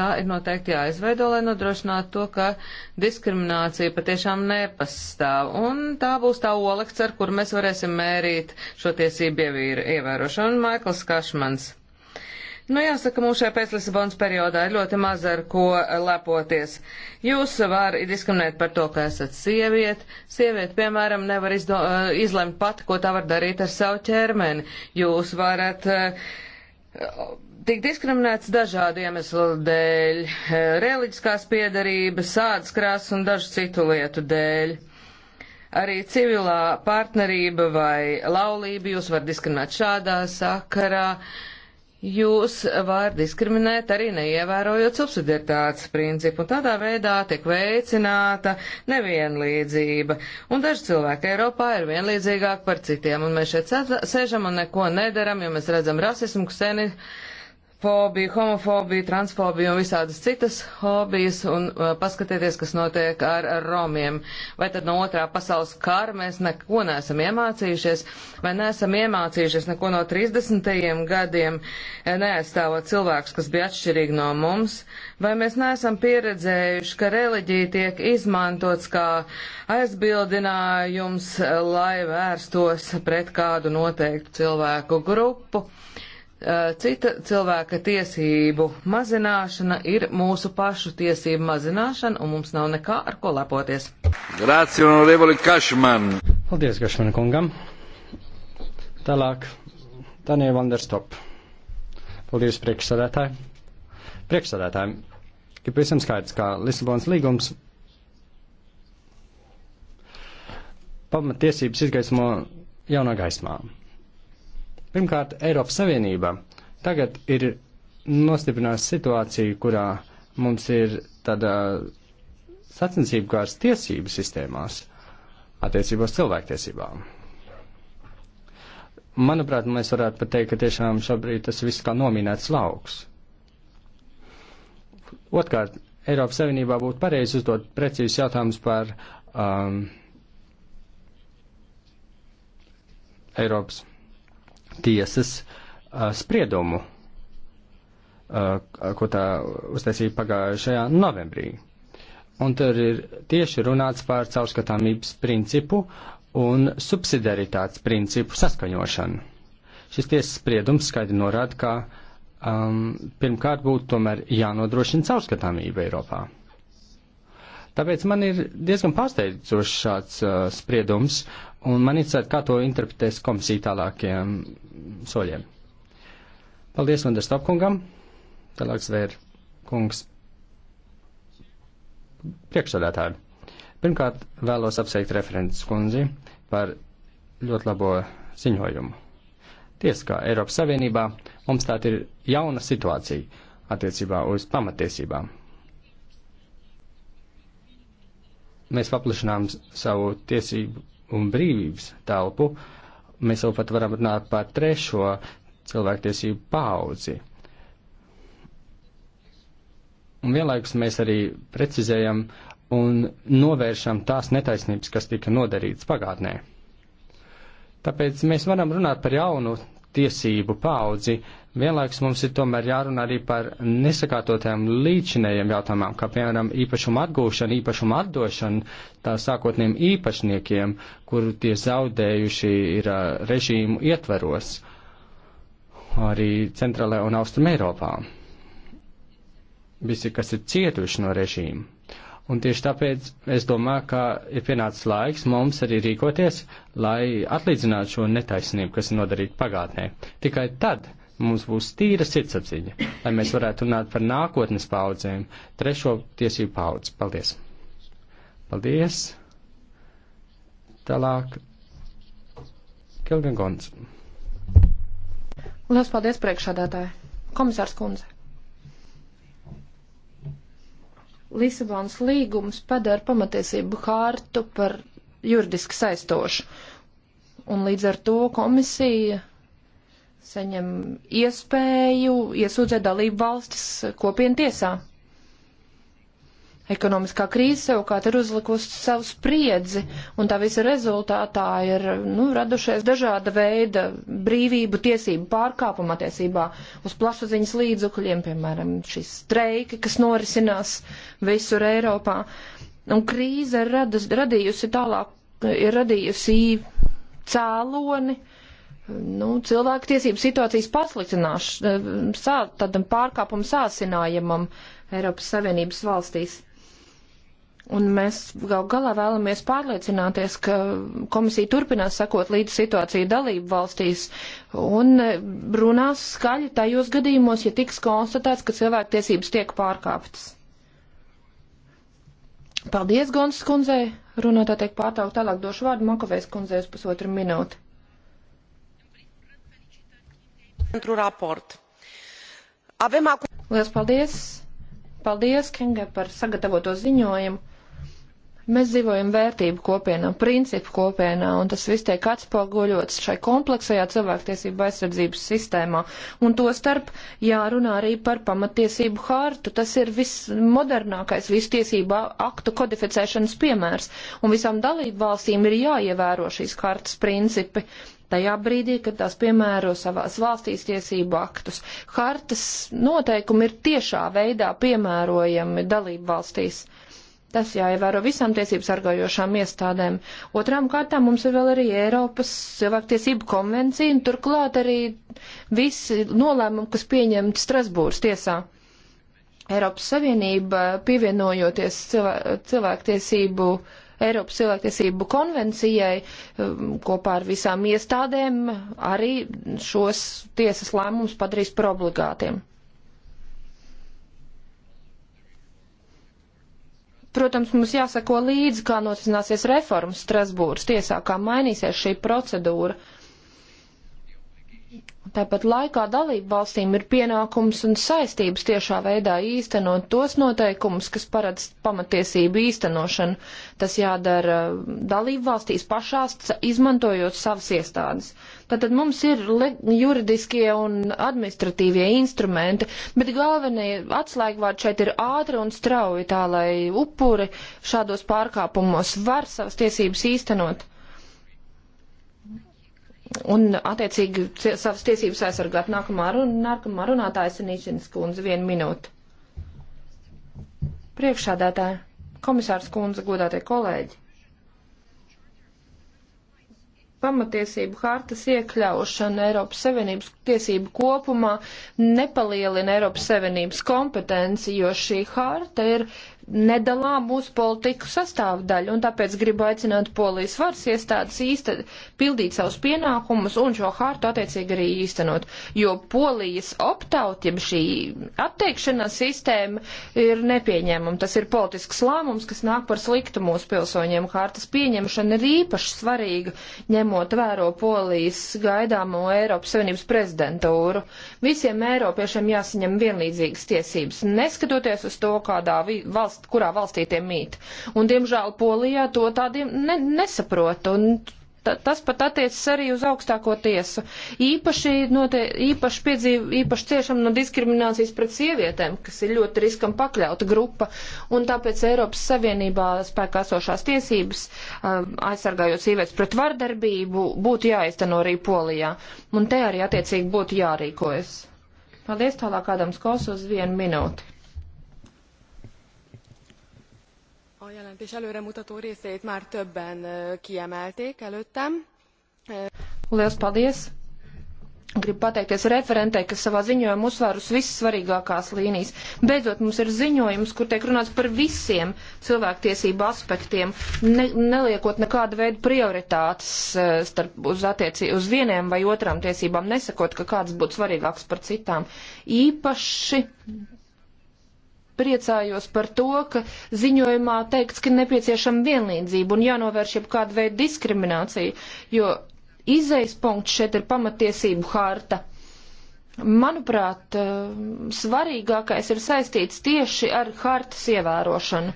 tā ir noteikti jāizveido, lai nodrošinātu to, ka diskriminācija patiešām nepastāv. Un tā būs tā olekts, ar kur mēs varēsim mērīt šo tiesību ievērošanu. Maikls Kašmans. Nu, jāsaka, mums šajā pēclisabonas periodā ir ļoti maz ar ko lepoties. Jūs var diskriminēt par to, ka esat sieviete. Sieviete, piemēram, nevar izdo, eh, izlemt pati, ko tā var darīt ar savu ķermeni. Jūs varat eh, tik diskriminēts dažādu iemeslu dēļ, eh, reliģiskās piedarības, sādas krāsas un dažu citu lietu dēļ arī civilā partnerība vai laulība jūs var diskriminēt šādā sakarā, Jūs var diskriminēt arī neievērojot subsidiaritātes principu, un tādā veidā tiek veicināta nevienlīdzība. Un daži cilvēki Eiropā ir vienlīdzīgāki par citiem, un mēs šeit sēžam un neko nedaram, jo mēs redzam rasismu, kseni, uh, fobiju, homofobiju, transfobiju un visādas citas hobijas un uh, paskatieties, kas notiek ar, ar romiem. Vai tad no otrā pasaules kara mēs neko neesam iemācījušies, vai neesam iemācījušies neko no 30. gadiem, e, neaizstāvot cilvēkus, kas bija atšķirīgi no mums, vai mēs neesam pieredzējuši, ka reliģija tiek izmantots kā aizbildinājums, lai vērstos pret kādu noteiktu cilvēku grupu Eh, cita cilvēka tiesību mazināšana ir mūsu pašu tiesību mazināšana, un mums nav nekā ar ko lepoties. Grācija un Revoli Kašman. Paldies, Kašman kungam. Tālāk, Daniela Vanderstop. Paldies priekšsādātāji. Priekšsādātājiem ir pavisam skaidrs, ka Lisabonas līgums pamatiesības izgaismo jaunā gaismā. Pirmkārt, Eiropas Savienība tagad ir nostiprinājusi situāciju, kurā mums ir tāda sacensību kārs tiesību sistēmās attiecībos cilvēktiesībām. Manuprāt, mēs varētu pat teikt, ka tiešām šobrīd tas viss kā nominēts lauks. Otkārt, Eiropas Savienībā būtu pareizi uzdot precīzus jautājumus par um, Eiropas tiesas uh, spriedumu, uh, ko tā uztaisīja pagājušajā novembrī. Un tur ir tieši runāts par caurskatāmības principu un subsidiaritātes principu saskaņošanu. Šis tiesas spriedums skaidri norāda, ka um, pirmkārt būtu tomēr jānodrošina caurskatāmība Eiropā. Tāpēc man ir diezgan pārsteidzošs šāds uh, spriedums, uh, Un man interesē, kā to interpretēs komisija tālākiem soļiem. Paldies Vanderstopkungam. Tālāk zvēr kungs priekšsādātāju. Pirmkārt, vēlos apsveikt referents kundzi par ļoti labo ziņojumu. Tiesa, kā Eiropas Savienībā mums tā ir jauna situācija attiecībā uz pamatiesībām. Mēs paplašinām savu tiesību un brīvības telpu, mēs jau pat varam runāt par trešo cilvēktiesību paudzi. Un vienlaikus mēs arī precizējam un novēršam tās netaisnības, kas tika nodarītas pagātnē. Tāpēc mēs varam runāt par jaunu tiesību paudzi, vienlaiks mums ir tomēr jārunā arī par nesakārtotiem līdzinējiem jautājumiem, kā piemēram īpašumu atgūšanu, īpašumu atdošanu tā sākotniem īpašniekiem, kuru tie zaudējuši ir režīmu ietveros arī centrālajā un austrum Eiropā. Visi, kas ir cietuši no režīmu. Un tieši tāpēc es domāju, ka ir pienācis laiks mums arī rīkoties, lai atlīdzinātu šo netaisnību, kas ir nodarīta pagātnē. Tikai tad mums būs tīra sirdsapziņa, lai mēs varētu runāt par nākotnes paudzēm, trešo tiesību paudzi. Paldies! Paldies! Tālāk, Kelvin Gons. Lielas paldies priekšādātāji. Komisārs Kunze. Lisabonas līgums padara pamatiesību hārtu par juridiski saistošu. Un līdz ar to komisija saņem iespēju iesūdzēt dalību valstis kopienu tiesā. Ekonomiskā krīze savukārt ir uzlikusi savu spriedzi, un tā visa rezultātā ir nu, radušies dažāda veida brīvību tiesību pārkāpuma attiecībā uz plašsaziņas līdzukļiem, piemēram, šīs streiki, kas norisinās visur Eiropā. Un krīze ir radus, radījusi tālāk, ir radījusi cēloni, nu, cilvēku tiesību situācijas pasliktināšanu, tādam pārkāpumu sāsinājumam Eiropas Savienības valstīs. Un mēs gal galā vēlamies pārliecināties, ka komisija turpinās sakot līdz situāciju dalību valstīs un e, runās skaļi tajos gadījumos, ja tiks konstatēts, ka cilvēktiesības tiek pārkāptas. Paldies, Gons skundzei. Runātā tiek pārtaukt tālāk došu vārdu Makovēs skundzei uz pusotru minūti. Liels paldies! Paldies, Kenga, par sagatavoto ziņojumu. Mēs dzīvojam vērtību kopienā, principu kopienā, un tas viss tiek atspoguļots šai kompleksajā cilvēktiesību aizsardzības sistēmā. Un to starp jārunā arī par pamatiesību hārtu. Tas ir vismodernākais vistiesību aktu kodificēšanas piemērs, un visām dalību valstīm ir jāievēro šīs hārtas principi tajā brīdī, kad tās piemēro savās valstīs tiesību aktus. Hartas noteikumi ir tiešā veidā piemērojami dalību valstīs. Tas jāievēro visām tiesību sargājošām iestādēm. Otrām kārtām mums ir vēl arī Eiropas cilvēktiesību konvencija un turklāt arī visi nolēmumi, kas pieņemti Strasbūras tiesā. Eiropas Savienība pievienojoties cilvē, cilvēktiesību, Eiropas cilvēktiesību konvencijai um, kopā ar visām iestādēm arī šos tiesas lēmumus padarīs par obligātiem. Protams, mums jāsako līdzi, kā noticināsies reformas Strasbūras tiesā, kā mainīsies šī procedūra. Uh, Tāpat laikā dalību valstīm ir pienākums un saistības tiešā veidā īstenot tos noteikumus, kas paredz pamatiesību īstenošanu. Tas jādara uh, dalību valstīs pašās, izmantojot savas iestādes. Tātad mums ir juridiskie un administratīvie instrumenti, bet galvenie atslēgvārdi šeit ir ātri un strauji tā, lai upuri šādos pārkāpumos var savas tiesības īstenot un, attiecīgi, savas tiesības aizsargāt. Nākamā, run, nākamā runātāja Sanīšanas kundze, vienu minūti. Priekšādātāja, komisārs kundze, godātie kolēģi. Pamatiesību hartas iekļaušana Eiropas Savienības tiesību kopumā nepalielina Eiropas Savienības kompetenci, jo šī harta ir nedalā mūsu politiku sastāvdaļa, un tāpēc gribu aicināt polijas varas iestādes īsta, pildīt savus pienākumus un šo hārtu attiecīgi arī īstenot, jo polijas optaut, ja šī atteikšanās sistēma ir nepieņēmuma, tas ir politisks lēmums, kas nāk par sliktu mūsu pilsoņiem. Hārtas pieņemšana ir īpaši svarīga, ņemot vēro polijas gaidāmo Eiropas Savienības prezidentūru. Visiem Eiropiešiem jāsaņem vienlīdzīgas tiesības, neskatoties uz to, kādā valsts valsts, kurā valstī tie mīt. Un, diemžēl, Polijā to tādiem ne, nesaprot. Un, Ta, tas pat attiecas arī uz augstāko tiesu. Īpaši, notie, īpaši, piedzīv, īpaši ciešam no diskriminācijas pret sievietēm, kas ir ļoti riskam pakļauta grupa, un tāpēc Eiropas Savienībā spēkā esošās tiesības, um, aizsargājot sievietes pret vardarbību, būtu jāizteno arī Polijā. Un te arī attiecīgi būtu jārīkojas. Paldies tālāk Ādams Kos uz vienu minūti. a jelentés előremutató részét már többen kiemelték előttem. Liels paldies! Gribu pateikties referentei, kas savā ziņojumā uzsver uz vissvarīgākās līnijas. Beidzot, mums ir ziņojums, kur tiek runāts par visiem cilvēktiesību aspektiem, ne, neliekot nekādu veidu prioritātes uh, starp, uz, attieci, uz vieniem vai otrām tiesībām, nesakot, ka kādas būtu svarīgākas par citām. Īpaši priecājos par to, ka ziņojumā teikts, ka nepieciešama vienlīdzība un jānovērš jau kāda veida diskriminācija, jo izejas punkts šeit ir pamatiesību harta. Manuprāt, eh, svarīgākais ir saistīts tieši ar hartas ievērošanu.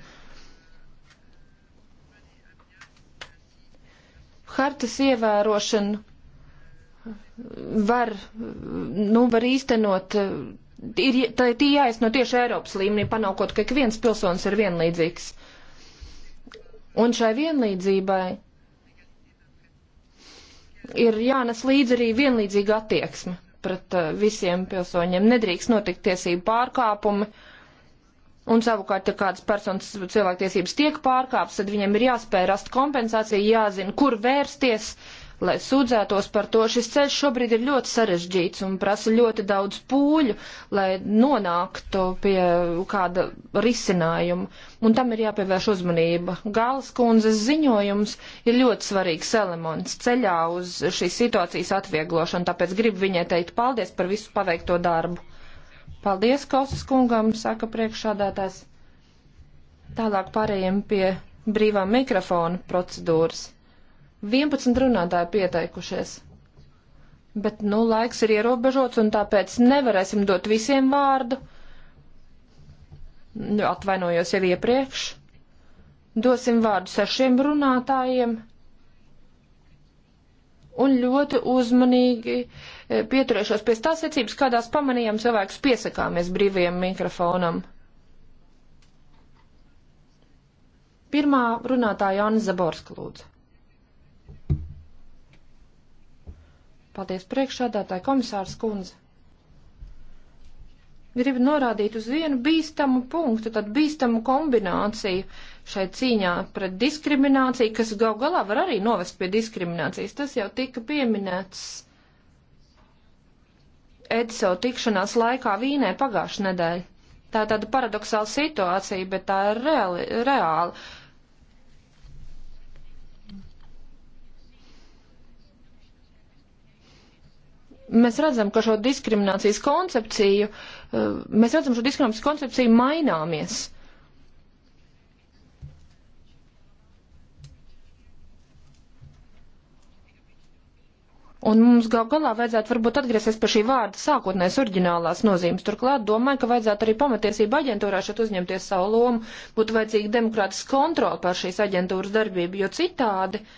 Hartas ievērošana var, nu, var īstenot eh, ir tie jāizno tieši Eiropas līmenī, panākot, ka ik viens pilsonis ir vienlīdzīgs. Un šai vienlīdzībai ir jānes līdzi arī vienlīdzīga attieksme pret uh, visiem pilsoņiem. Nedrīkst notikt tiesību pārkāpumi. Un savukārt, ja kādas personas cilvēktiesības tiek pārkāptas, tad viņiem ir jāspēj rast kompensāciju, jāzina, kur vērsties, uh, lai sūdzētos par to. Šis ceļš šobrīd ir ļoti sarežģīts un prasa ļoti daudz pūļu, lai nonāktu pie kāda risinājuma. Un tam ir jāpievērš uzmanība. Gāles kundzes ziņojums ir ļoti svarīgs elements ceļā uz šīs situācijas atvieglošanu, tāpēc gribu viņai teikt paldies par visu paveikto darbu. Paldies Kausas kungam, saka priekšādātājs. Tālāk pārējiem pie brīvā mikrofona procedūras. 11 runātāji pieteikušies. Bet, nu, laiks ir ierobežots, un tāpēc nevarēsim dot visiem vārdu. Nu, atvainojos jau iepriekš. Dosim vārdu sešiem runātājiem. Un ļoti uzmanīgi e, pieturēšos pie tās secības, kādās pamanījām cilvēkus piesakāmies brīvajam mikrofonam. Pirmā runātāja Anna Zaborska lūdzu. Paldies priekšādātāji komisārs kundze. Gribu norādīt uz vienu bīstamu punktu, tad bīstamu kombināciju šai cīņā pret diskrimināciju, kas gal galā var arī novest pie diskriminācijas. Tas jau tika pieminēts Edso tikšanās laikā Vīnē pagājušajā nedēļā. Tā ir tāda paradoxāla situācija, bet tā ir reāli. reāli mēs redzam, ka šo diskriminācijas koncepciju, eh, mēs redzam šo diskriminācijas koncepciju maināmies. Un mums gal galā vajadzētu varbūt atgriezties pie šī vārda sākotnēs oriģinālās nozīmes. Turklāt domāju, ka vajadzētu arī pamatiesība aģentūrā šeit uzņemties savu lomu, būtu vajadzīga demokrātiska kontrola pār šīs aģentūras darbību, jo citādi uh,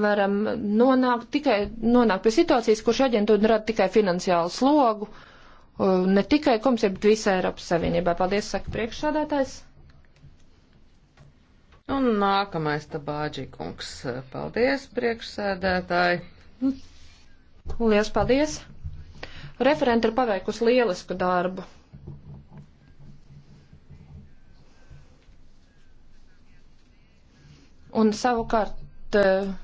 varam nonākt tikai nonākt pie situācijas, kur šī aģentūra rada tikai finansiālu slogu, ne tikai komisija, bet visai Eiropas Savienībā. Paldies, saka priekšsādātājs. Un nākamais tabāģi kungs. Paldies, priekšsēdētāji. Lielas paldies. Referenta ir paveikusi lielisku darbu. Un savukārt. Uh,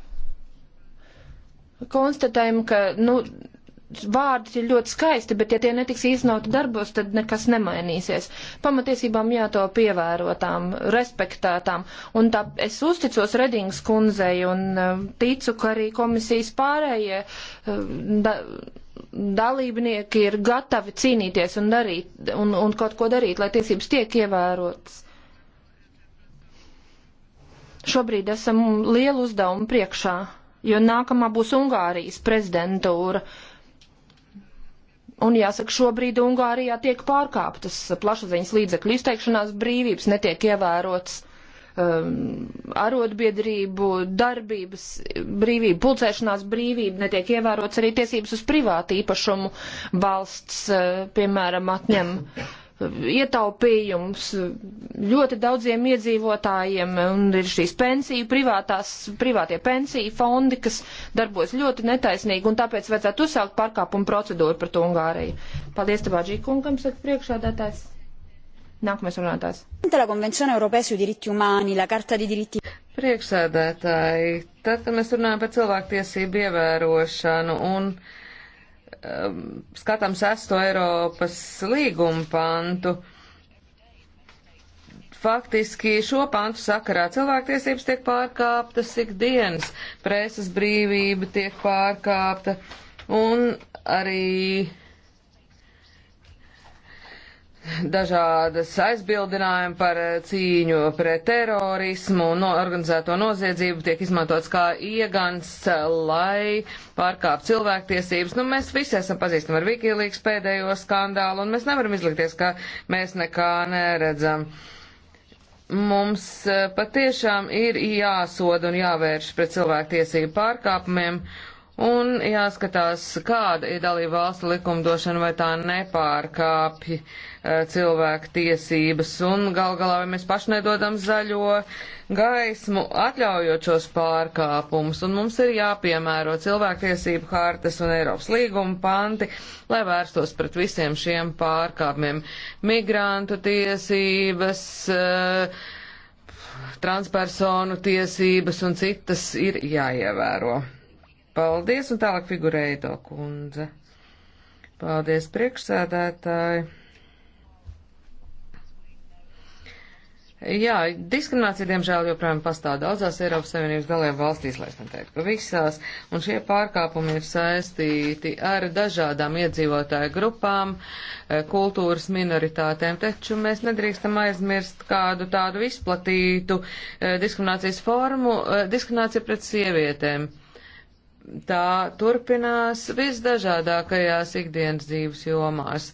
konstatējam, ka, nu, vārdi ir ļoti skaisti, bet ja tie netiks īstenoti darbos, tad nekas nemainīsies. Pamatiesībām jāto pievērotām, respektētām. Un tā es uzticos Redings kundzei un e, ticu, ka arī komisijas pārējie. E, da, dalībnieki ir gatavi cīnīties un darīt un, un kaut ko darīt, lai tiesības tiek ievērotas. Šobrīd esam lielu uzdevumu priekšā jo nākamā būs Ungārijas prezidentūra. Un jāsaka, šobrīd Ungārijā tiek pārkāptas plašsaziņas līdzekļu izteikšanās brīvības, netiek ievērotas um, arotbiedrību darbības brīvība, pulcēšanās brīvība, netiek ievērots arī tiesības uz privātu īpašumu valsts, uh, piemēram, atņem. Uh, ietaupījums ļoti daudziem iedzīvotājiem un ir šīs pensiju, privātās, privātie pensiju fondi, kas darbojas ļoti netaisnīgi un tāpēc vajadzētu uzsākt pārkāpumu procedūru pret Ungāriju. Paldies, Tabāģī kungam, saka priekšādātājs. Nākamais runātājs. Priekšsēdētāji, tad, kad mēs runājam par cilvēktiesību ievērošanu un Um, skatām sesto Eiropas līgumu pantu, faktiski šo pantu sakarā cilvēktiesības tiek pārkāptas ikdienas, preses brīvība tiek pārkāpta un arī dažādas aizbildinājumi par eh, cīņu pret terorismu un no organizēto noziedzību tiek izmantots kā iegans, eh, lai pārkāp cilvēktiesības. Nu, mēs visi esam pazīstami ar Wikileaks pēdējo skandālu, un mēs nevaram izlikties, ka mēs nekā neredzam. Mums eh, patiešām ir jāsoda un jāvērš pret cilvēktiesību pārkāpumiem. Uh, Un jāskatās, kāda ir dalība valsts likumdošana, vai tā nepārkāpj uh, cilvēku tiesības, un gal galā, vai mēs paši nedodam zaļo gaismu, atļaujot šos pārkāpumus, un mums ir jāpiemēro cilvēktiesību hartas un Eiropas līguma panti, lai vērstos pret visiem šiem pārkāpumiem. Migrantu tiesības, uh, transpersonu tiesības un citas ir jāievēro. Paldies, un tālāk figurēja kundze. Paldies, priekšsēdētāji. Jā, diskriminācija, diemžēl, joprojām pastāv daudzās Eiropas Savienības dalību valstīs, lai es neteiktu, ka visās, un šie pārkāpumi ir saistīti ar dažādām iedzīvotāju grupām, eh, kultūras minoritātēm, taču mēs nedrīkstam aizmirst kādu tādu izplatītu eh, diskriminācijas formu, eh, diskriminācija pret sievietēm tā turpinās visdažādākajās ikdienas dzīves jomās.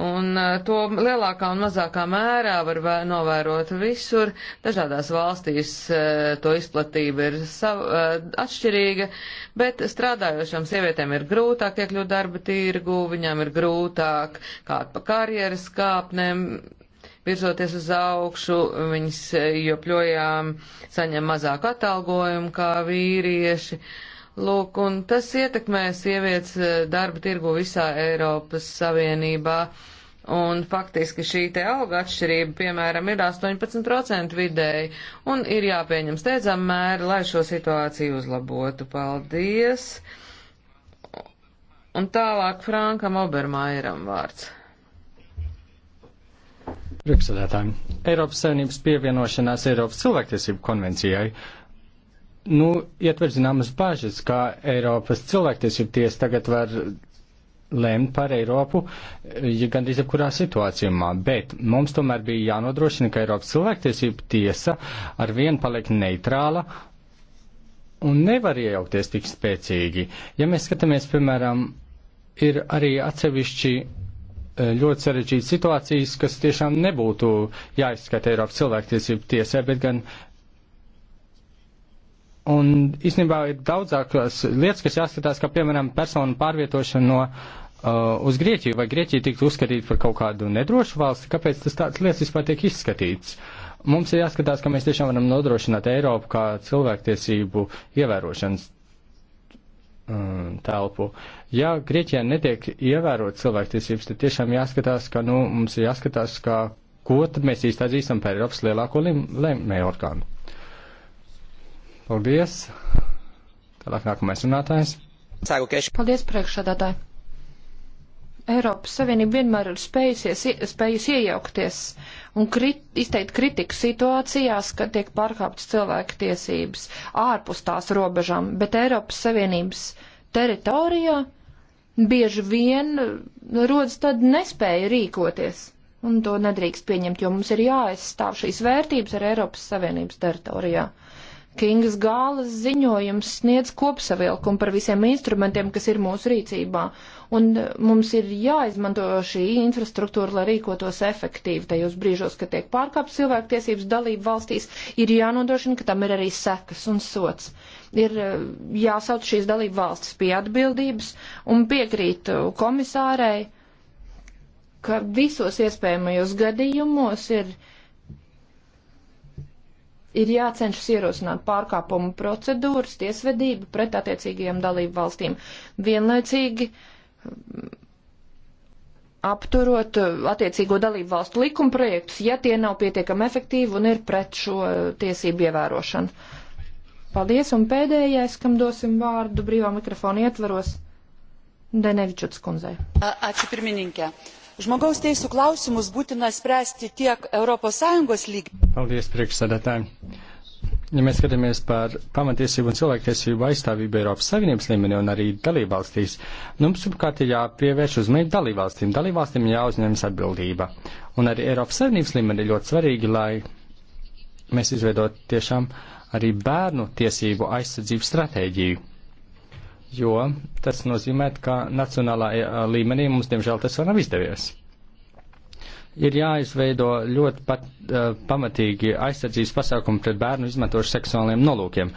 Un to lielākā un mazākā mērā var novērot visur. Dažādās valstīs to izplatība ir sava, atšķirīga, bet strādājošām sievietēm ir grūtāk iekļūt darba tirgu, viņām ir grūtāk kāpt pa karjeras kāpnēm, virzoties uz augšu, viņas joprojām saņem mazāku atalgojumu kā vīrieši. Uh, Lūk, un tas ietekmē sievietes eh, darba tirgu visā Eiropas Savienībā. Un faktiski šī te auga atšķirība, piemēram, ir 18% vidēji, un ir jāpieņem steidzam mēri, lai šo situāciju uzlabotu. Paldies! Un tālāk Frankam Obermairam vārds. Priekšsēdētājiem, Eiropas Savienības pievienošanās Eiropas cilvēktiesību konvencijai nu, ietver zināmas bažas, kā Eiropas cilvēktiesību tiesa tagad var lēmt par Eiropu ja gandrīz jebkurā situācijumā, bet mums tomēr bija jānodrošina, ka Eiropas cilvēktiesība tiesa ar vienu paliek neitrāla un nevar iejaukties tik spēcīgi. Ja mēs skatāmies, piemēram, ir arī atsevišķi eh, ļoti sarežģītas situācijas, kas tiešām nebūtu jāizskata Eiropas cilvēktiesību tiesē, bet gan Un īstenībā ir daudzākas lietas, kas jāskatās, kā piemēram personu pārvietošana no uh, uz Grieķiju, vai Grieķija tiktu uzskatīta par kaut kādu nedrošu valsti, kāpēc tas tāds lietas vispār tiek izskatīts. Mums ir jāskatās, ka mēs tiešām varam nodrošināt Eiropu kā cilvēktiesību ievērošanas um, telpu. Ja Grieķijā netiek ievērot cilvēktiesības, tad tiešām jāskatās, ka, nu, mums ir jāskatās, ka, ko tad mēs īsti atzīstam par Eiropas lielāko lēmēju orgānu. Paldies. Tālāk nākamais runātājs. Paldies, priekšsādātāji. Eiropas Savienība vienmēr ir spējusi iejaukties un krit, izteikt kritiku situācijās, kad tiek pārkāptas cilvēku tiesības ārpus tās robežām, bet Eiropas Savienības teritorijā bieži vien eh, rodas tad nespēja rīkoties. Un to nedrīkst pieņemt, jo mums ir jāaizstāv šīs vērtības ar Eiropas Savienības teritorijā. Kingas gāles ziņojums sniedz kopsavilkumu par visiem instrumentiem, kas ir mūsu rīcībā, un e, mums ir jāizmanto šī infrastruktūra, lai rīkotos efektīvi tajos brīžos, kad tiek pārkāpts cilvēktiesības dalību valstīs, ir jānodrošina, ka tam ir arī sekas un sots ir e, jāsauc šīs dalību valstis pie atbildības un piekrīt komisārei, ka visos iespējamajos gadījumos ir ir jācenšas ierosināt pārkāpumu procedūras, tiesvedību pret attiecīgajām dalību valstīm. Vienlaicīgi mm, apturot eh, attiecīgo dalību valstu likuma projektus, ja tie nav pietiekami efektīvi un ir pret šo eh, tiesību ievērošanu. Paldies, un pēdējais, kam dosim vārdu brīvā mikrofona ietvaros, Denevičuts kundzei. Ačiū pirmininkē žmogaus teisų klausimus būtina spręsti tiek Europos Sąjungos lygių. Paldies, priekšsēdētāji. Ja mēs skatāmies par pamatiesību un cilvēktiesību aizstāvību Eiropas Savienības līmenī un arī dalībvalstīs, nu, mums pirmkārt ir jāpievērš uzmanību dalībvalstīm. Dalībvalstīm jāuzņemas atbildība. Un arī Eiropas Savienības līmenī ļoti svarīgi, lai mēs izveidot tiešām arī bērnu tiesību aizsardzību stratēģiju jo tas nozīmē, ka nacionālā e, līmenī mums, diemžēl, tas vēl nav izdevies. Ir jāizveido ļoti pat, uh, pamatīgi aizsardzības pasākumi pret bērnu izmantošu seksuāliem nolūkiem.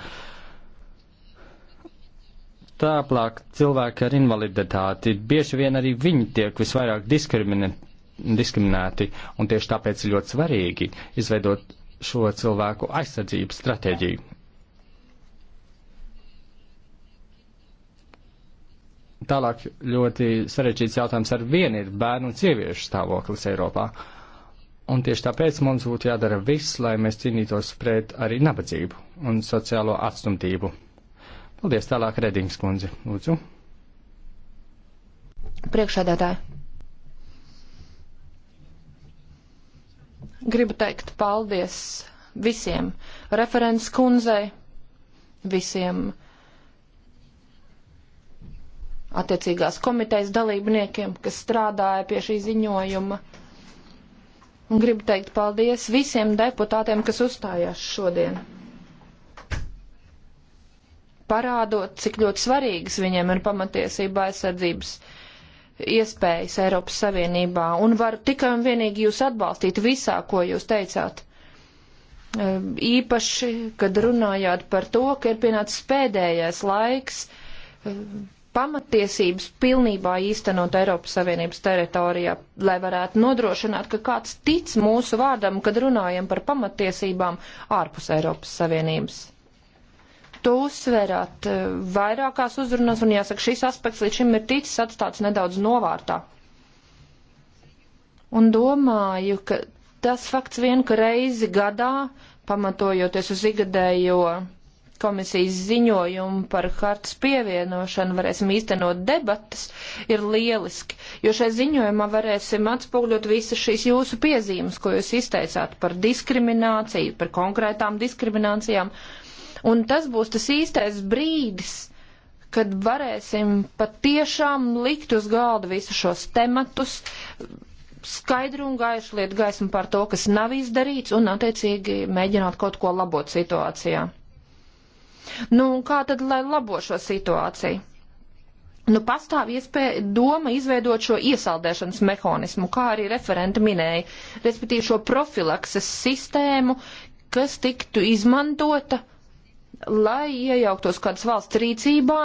Tāplāk cilvēki ar invaliditāti, bieži vien arī viņi tiek visvairāk diskriminēti, un tieši tāpēc ir ļoti svarīgi izveidot šo cilvēku aizsardzības stratēģiju Tālāk ļoti sarežģīts jautājums ar vienu ir bērnu un sieviešu stāvoklis Eiropā. Un tieši tāpēc mums būtu jādara viss, lai mēs cīnītos pret arī nabadzību un sociālo atstumtību. Paldies tālāk, Redings kundze, lūdzu. Priekšādātāji. Gribu teikt paldies visiem referents kundzei, visiem uh, attiecīgās komitejas dalībniekiem, kas strādāja pie šī ziņojuma. Un gribu teikt paldies visiem deputātiem, kas uzstājās šodien. Parādot, cik ļoti svarīgas viņiem ir pamatiesība aizsardzības iespējas Eiropas Savienībā. Un varu tikai un vienīgi jūs atbalstīt visā, ko jūs teicāt ehm, īpaši, kad runājāt par to, ka ir pienācis pēdējais laiks ehm, pamatiesības pilnībā īstenot Eiropas Savienības teritorijā, lai varētu nodrošināt, ka kāds tic mūsu vārdam, kad runājam par pamatiesībām ārpus Eiropas Savienības. To uzsverāt eh, vairākās uzrunās, un jāsaka, šis aspekts līdz šim ir ticis atstāts nedaudz novārtā. Un domāju, ka tas fakts vien, ka reizi gadā, pamatojoties uz igadējo komisijas ziņojumu par hartas pievienošanu varēsim īstenot debatas, ir lieliski, jo šai ziņojumā varēsim atspūgļot visas šīs jūsu piezīmes, ko jūs izteicāt par diskrimināciju, par konkrētām diskriminācijām. Un tas būs tas īstais brīdis, kad varēsim patiešām likt uz galda visus šos tematus, skaidru un gaišu lietu gaismu par to, kas nav izdarīts, un attiecīgi mēģināt kaut ko labot situācijā. Nu, un kā tad, lai labo šo situāciju? Nu, pastāv iespēja doma izveidot šo iesaldēšanas mehānismu, kā arī referenta minēja, respektīvi šo profilakses sistēmu, kas tiktu izmantota, lai iejauktos kādas valsts rīcībā,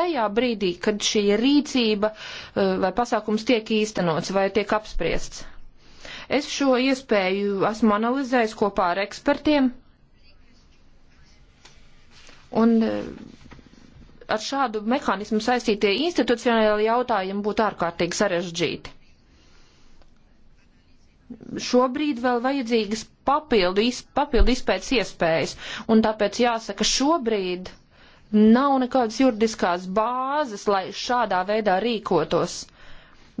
tajā brīdī, kad šī rīcība eh, vai pasākums tiek īstenots vai tiek apspriests. Es šo iespēju esmu analizējis kopā ar ekspertiem, Un eh, ar šādu mehānismu saistītie institucionāli jautājumi būtu ārkārtīgi sarežģīti. Šobrīd vēl vajadzīgas papildu, iz, papildu izpētes iespējas, un tāpēc jāsaka, šobrīd nav nekādas juridiskās bāzes, lai šādā veidā rīkotos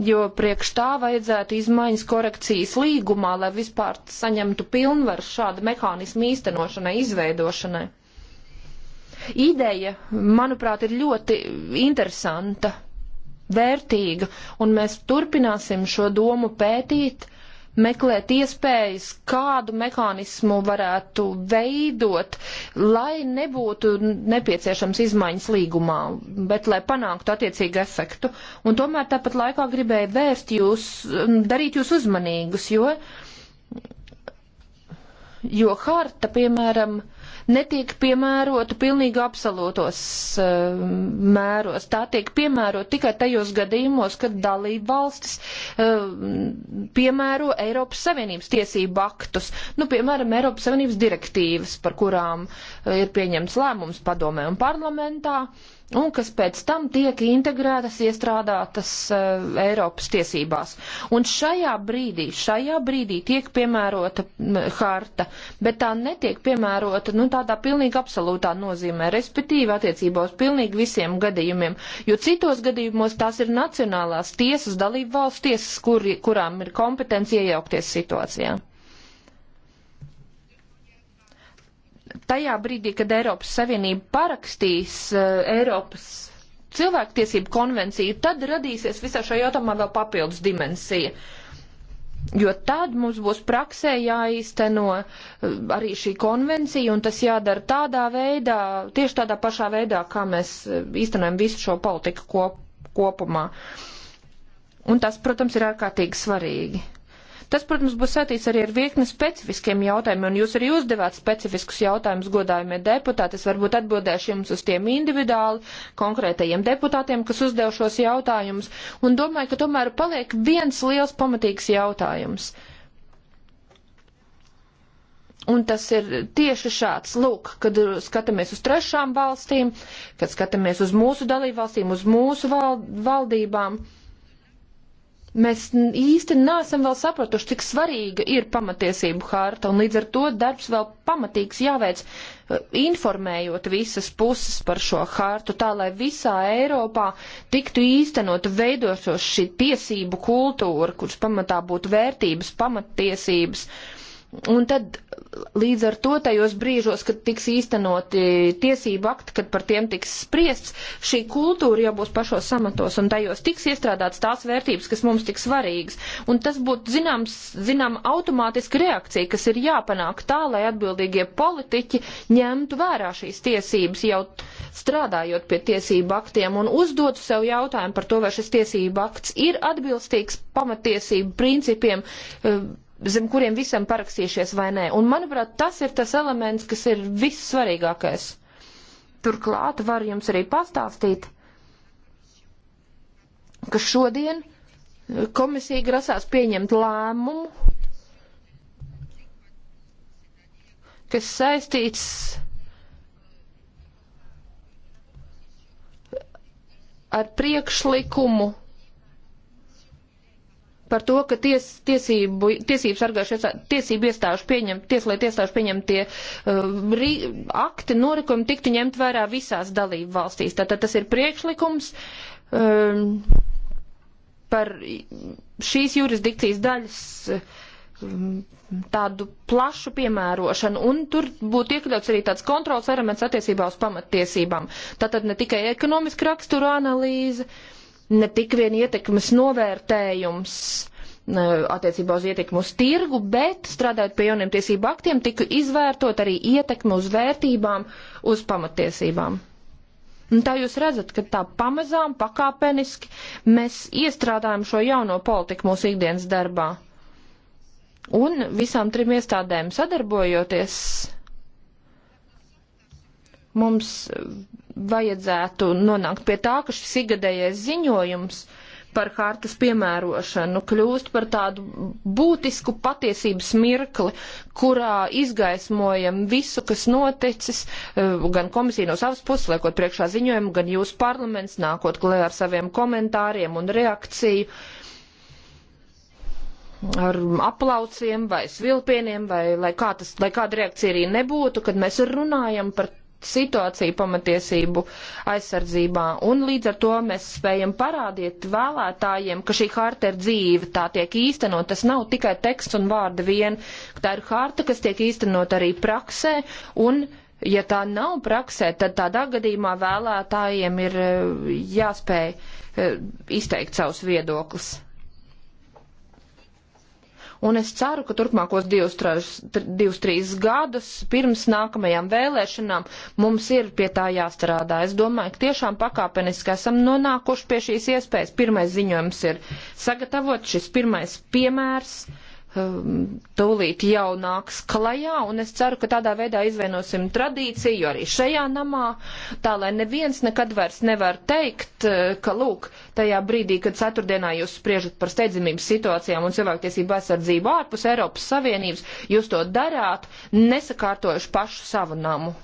jo priekš tā vajadzētu izmaiņas korekcijas līgumā, lai vispār saņemtu pilnvaru šāda mehānismu īstenošanai, izveidošanai. Ideja, manuprāt, ir ļoti interesanta, vērtīga, un mēs turpināsim šo domu pētīt, meklēt iespējas, kādu mehānismu varētu veidot, lai nebūtu nepieciešams izmaiņas līgumā, bet lai panāktu attiecīgu efektu. Un tomēr tāpat laikā gribēju vērst jūs, darīt jūs uzmanīgus, jo, jo harta, piemēram, netiek piemērota pilnīgi absolūtos uh, mēros. Tā tiek piemērota tikai tajos gadījumos, kad dalība valstis uh, piemēro Eiropas Savienības tiesību aktus. Nu, piemēram, Eiropas Savienības direktīvas, par kurām uh, ir pieņemts lēmums padomē un parlamentā. Uh, un kas pēc tam tiek integrētas, iestrādātas uh, Eiropas tiesībās. Un šajā brīdī, šajā brīdī tiek piemērota mm, harta, bet tā netiek piemērota, nu, tādā pilnīgi absolūtā nozīmē, respektīvi attiecībā uz pilnīgi visiem gadījumiem, jo citos gadījumos tās ir nacionālās tiesas, dalību valsts tiesas, kur, kurām ir kompetence iejaukties situācijā. tajā brīdī, kad Eiropas Savienība parakstīs eh, Eiropas cilvēktiesību konvenciju, tad radīsies visā šajā jautājumā vēl papildus dimensija. Jo tad mums būs praksē jāīsteno eh, arī šī konvencija, un tas jādara tādā veidā, tieši tādā pašā veidā, kā mēs eh, īstenojam visu šo politiku kop, kopumā. Un tas, protams, ir ārkārtīgi svarīgi. Tas, protams, būs saistīts arī ar virkni specifiskiem jautājumiem, un jūs arī uzdevāt specifiskus jautājumus, godājumie deputāti. Es varbūt atbildēšu jums uz tiem individuāli, konkrētajiem deputātiem, kas uzdev šos jautājumus, un domāju, ka tomēr paliek viens liels pamatīgs jautājums. Un tas ir tieši šāds, lūk, kad skatāmies uz trešām valstīm, kad skatāmies uz mūsu dalībvalstīm, uz mūsu val valdībām. Uh, Mēs īsti neesam vēl sapratuši, cik svarīga ir pamatiesību harta, un līdz ar to darbs vēl pamatīgs jāveic, eh, informējot visas puses par šo hartu, tā lai visā Eiropā tiktu īstenot veidošos šī tiesību kultūra, kuras pamatā būtu vērtības, pamatiesības, uh, Un tad līdz ar to tajos brīžos, kad tiks īstenoti tiesību akti, kad par tiem tiks spriests, šī kultūra jau būs pašos samatos un tajos tiks iestrādāts tās vērtības, kas mums tik svarīgas. Un tas būtu zināms, zinām, automātiska reakcija, kas ir jāpanāk tā, lai atbildīgie politiķi ņemtu vērā šīs tiesības jau strādājot pie tiesību aktiem un uzdotu sev jautājumu par to, vai šis tiesību akts ir atbilstīgs pamatiesību principiem eh, zem kuriem visam parakstījušies vai nē. Un, manuprāt, tas ir tas elements, kas ir vissvarīgākais. Turklāt var jums arī pastāstīt, ka šodien komisija grasās pieņemt lēmumu, kas saistīts ar priekšlikumu par to, ka ties, tiesību, tiesību sargāšu, tiesību iestāžu pieņem, tieslietu iestāžu pieņemtie uh, um, rī, akti, norikumi tiktu ņemt vērā visās dalību valstīs. Tātad tas ir priekšlikums. Um, uh, par šīs jurisdikcijas daļas uh, tādu plašu piemērošanu, un tur būtu iekļauts arī tāds kontrols elements attiecībā uz pamattiesībām. Tātad ne tikai ekonomiska rakstura analīze, uh, ne tik vien ietekmes novērtējums attiecībā uz ietekmu uz tirgu, bet strādājot pie jauniem tiesību aktiem, tika izvērtot arī ietekme uz vērtībām, uz pamatiesībām. Un tā jūs redzat, ka tā pamazām, pakāpeniski mēs iestrādājam šo jauno politiku mūsu ikdienas darbā. Un visām trim iestādēm sadarbojoties, mums vajadzētu nonākt pie tā, ka šis igadējais ziņojums par hartas piemērošanu kļūst par tādu būtisku patiesības mirkli, kurā izgaismojam visu, kas noticis, eh, gan komisija no savas puses liekot priekšā ziņojumu, gan jūs parlaments nākot klē ar saviem komentāriem un reakciju. Ar aplauciem vai svilpieniem, vai lai, kā tas, lai kāda reakcija arī nebūtu, kad mēs runājam par situāciju pamatiesību aizsardzībā. Un līdz ar to mēs spējam parādīt vēlētājiem, ka šī harta ir dzīve, tā tiek īstenot. Tas nav tikai teksts un vārdi vien. Tā ir harta, kas tiek īstenot arī praksē. Un, ja tā nav praksē, tad tādā gadījumā vēlētājiem ir eh, jāspēj eh, izteikt savus viedoklis. Un es ceru, ka turpmākos divus, traž, divus trīs gadus pirms nākamajām vēlēšanām mums ir pie tā jāstrādā. Es domāju, ka tiešām pakāpeniski esam nonākuši pie šīs iespējas. Pirmais ziņojums ir sagatavot šis pirmais piemērs. Uh, Um, tūlīt jau nāks klajā, un es ceru, ka tādā veidā izvienosim tradīciju arī šajā namā, tā lai neviens nekad vairs nevar teikt, uh, ka, lūk, tajā brīdī, kad ceturtdienā jūs spriežat par steidzamības situācijām un cilvēktiesību aizsardzību ārpus Eiropas Savienības, jūs to darāt, nesakārtojuši pašu savu namu.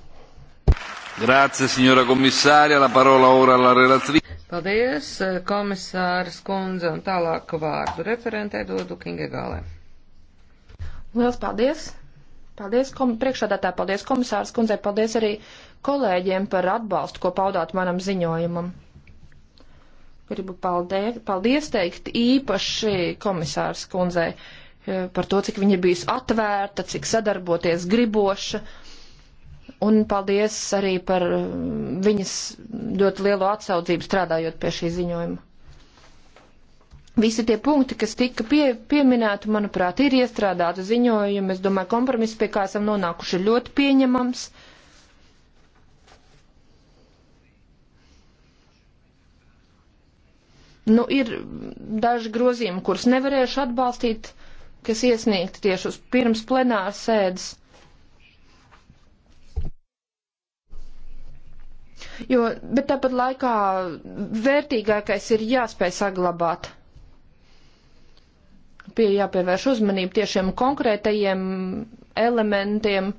Grazie, signora komisārija, la parola ora la relatrice. Paldies, komisāras kundze, un tālāk vārdu referentē dodu Kinga Galē. Liels paldies! Paldies, kom priekšādātā, paldies komisārs kundzei, paldies arī kolēģiem par atbalstu, ko paudāt manam ziņojumam. Gribu paldies, paldies teikt īpaši komisārs kundzei eh, par to, cik viņa bijusi atvērta, cik sadarboties griboša. Un paldies arī par eh, viņas ļoti lielo atsaudzību strādājot pie šī ziņojuma. Visi tie punkti, kas tika pie, pieminēti, manuprāt, ir iestrādāti ziņojumi. Es domāju, kompromiss, pie kā esam nonākuši, ir ļoti pieņemams. Nu, ir daži grozījumi, kurus nevarēšu atbalstīt, kas iesniegti tieši uz pirms plenāras sēdes. Jo, bet tāpat laikā vērtīgākais ir jāspēj saglabāt pie, jāpievērš uzmanība tiešiem konkrētajiem elementiem,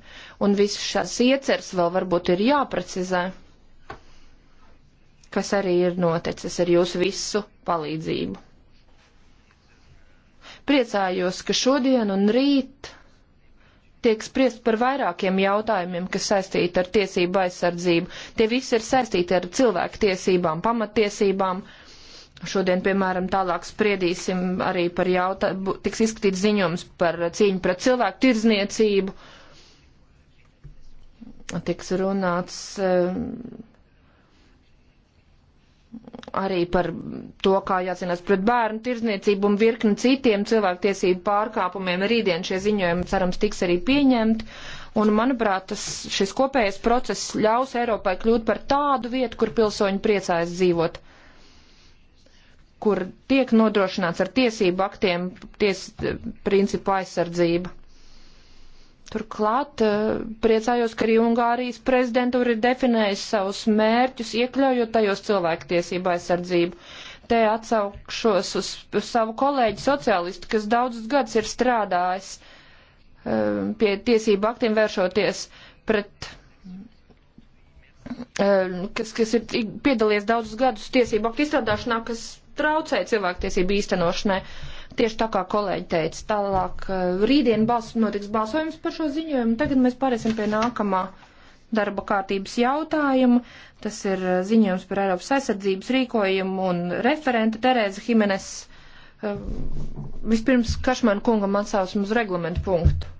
un visas šās ieceres vēl varbūt ir jāprecizē, kas arī ir noticis ar jūsu visu palīdzību. Priecājos, ka šodien un rīt tiek spriest par vairākiem jautājumiem, kas saistīti ar tiesību aizsardzību. Tie visi ir saistīti ar cilvēku tiesībām, pamatiesībām Šodien, piemēram, tālāk spriedīsim arī par jautājumu, tiks izskatīts ziņojums par cīņu pret cilvēku tirzniecību. Tiks runāts eh, arī par to, kā jācīnās pret bērnu tirzniecību un virkni citiem cilvēktiesību pārkāpumiem. Rītdien šie ziņojumi, cerams, tiks arī pieņemti. Un, manuprāt, tas, šis kopējais process ļaus Eiropai kļūt par tādu vietu, kur pilsoņi priecājas dzīvot kur tiek nodrošināts ar tiesību aktiem ties, principu aizsardzība. Turklāt eh, priecājos, ka arī Ungārijas prezidentūra ir definējusi savus mērķus, iekļaujot tajos cilvēktiesību aizsardzību. Te atsaukšos uz, uz savu kolēģi sociālistu, kas daudzus gadus ir strādājis eh, pie tiesību aktiem vēršoties pret eh, kas, kas ir piedalījies daudzus gadus tiesību aktu izstrādāšanā, kas traucē cilvēktiesību īstenošanai. Tieši tā kā kolēģi teica, tālāk eh, rītdien bals, notiks balsojums par šo ziņojumu. Tagad mēs pārēsim pie nākamā darba kārtības jautājumu. Tas ir eh, ziņojums par Eiropas aizsardzības rīkojumu un referenta Terēza Himenes. Eh, vispirms Kašmēna kungam atsaucam uz reglamentu punktu.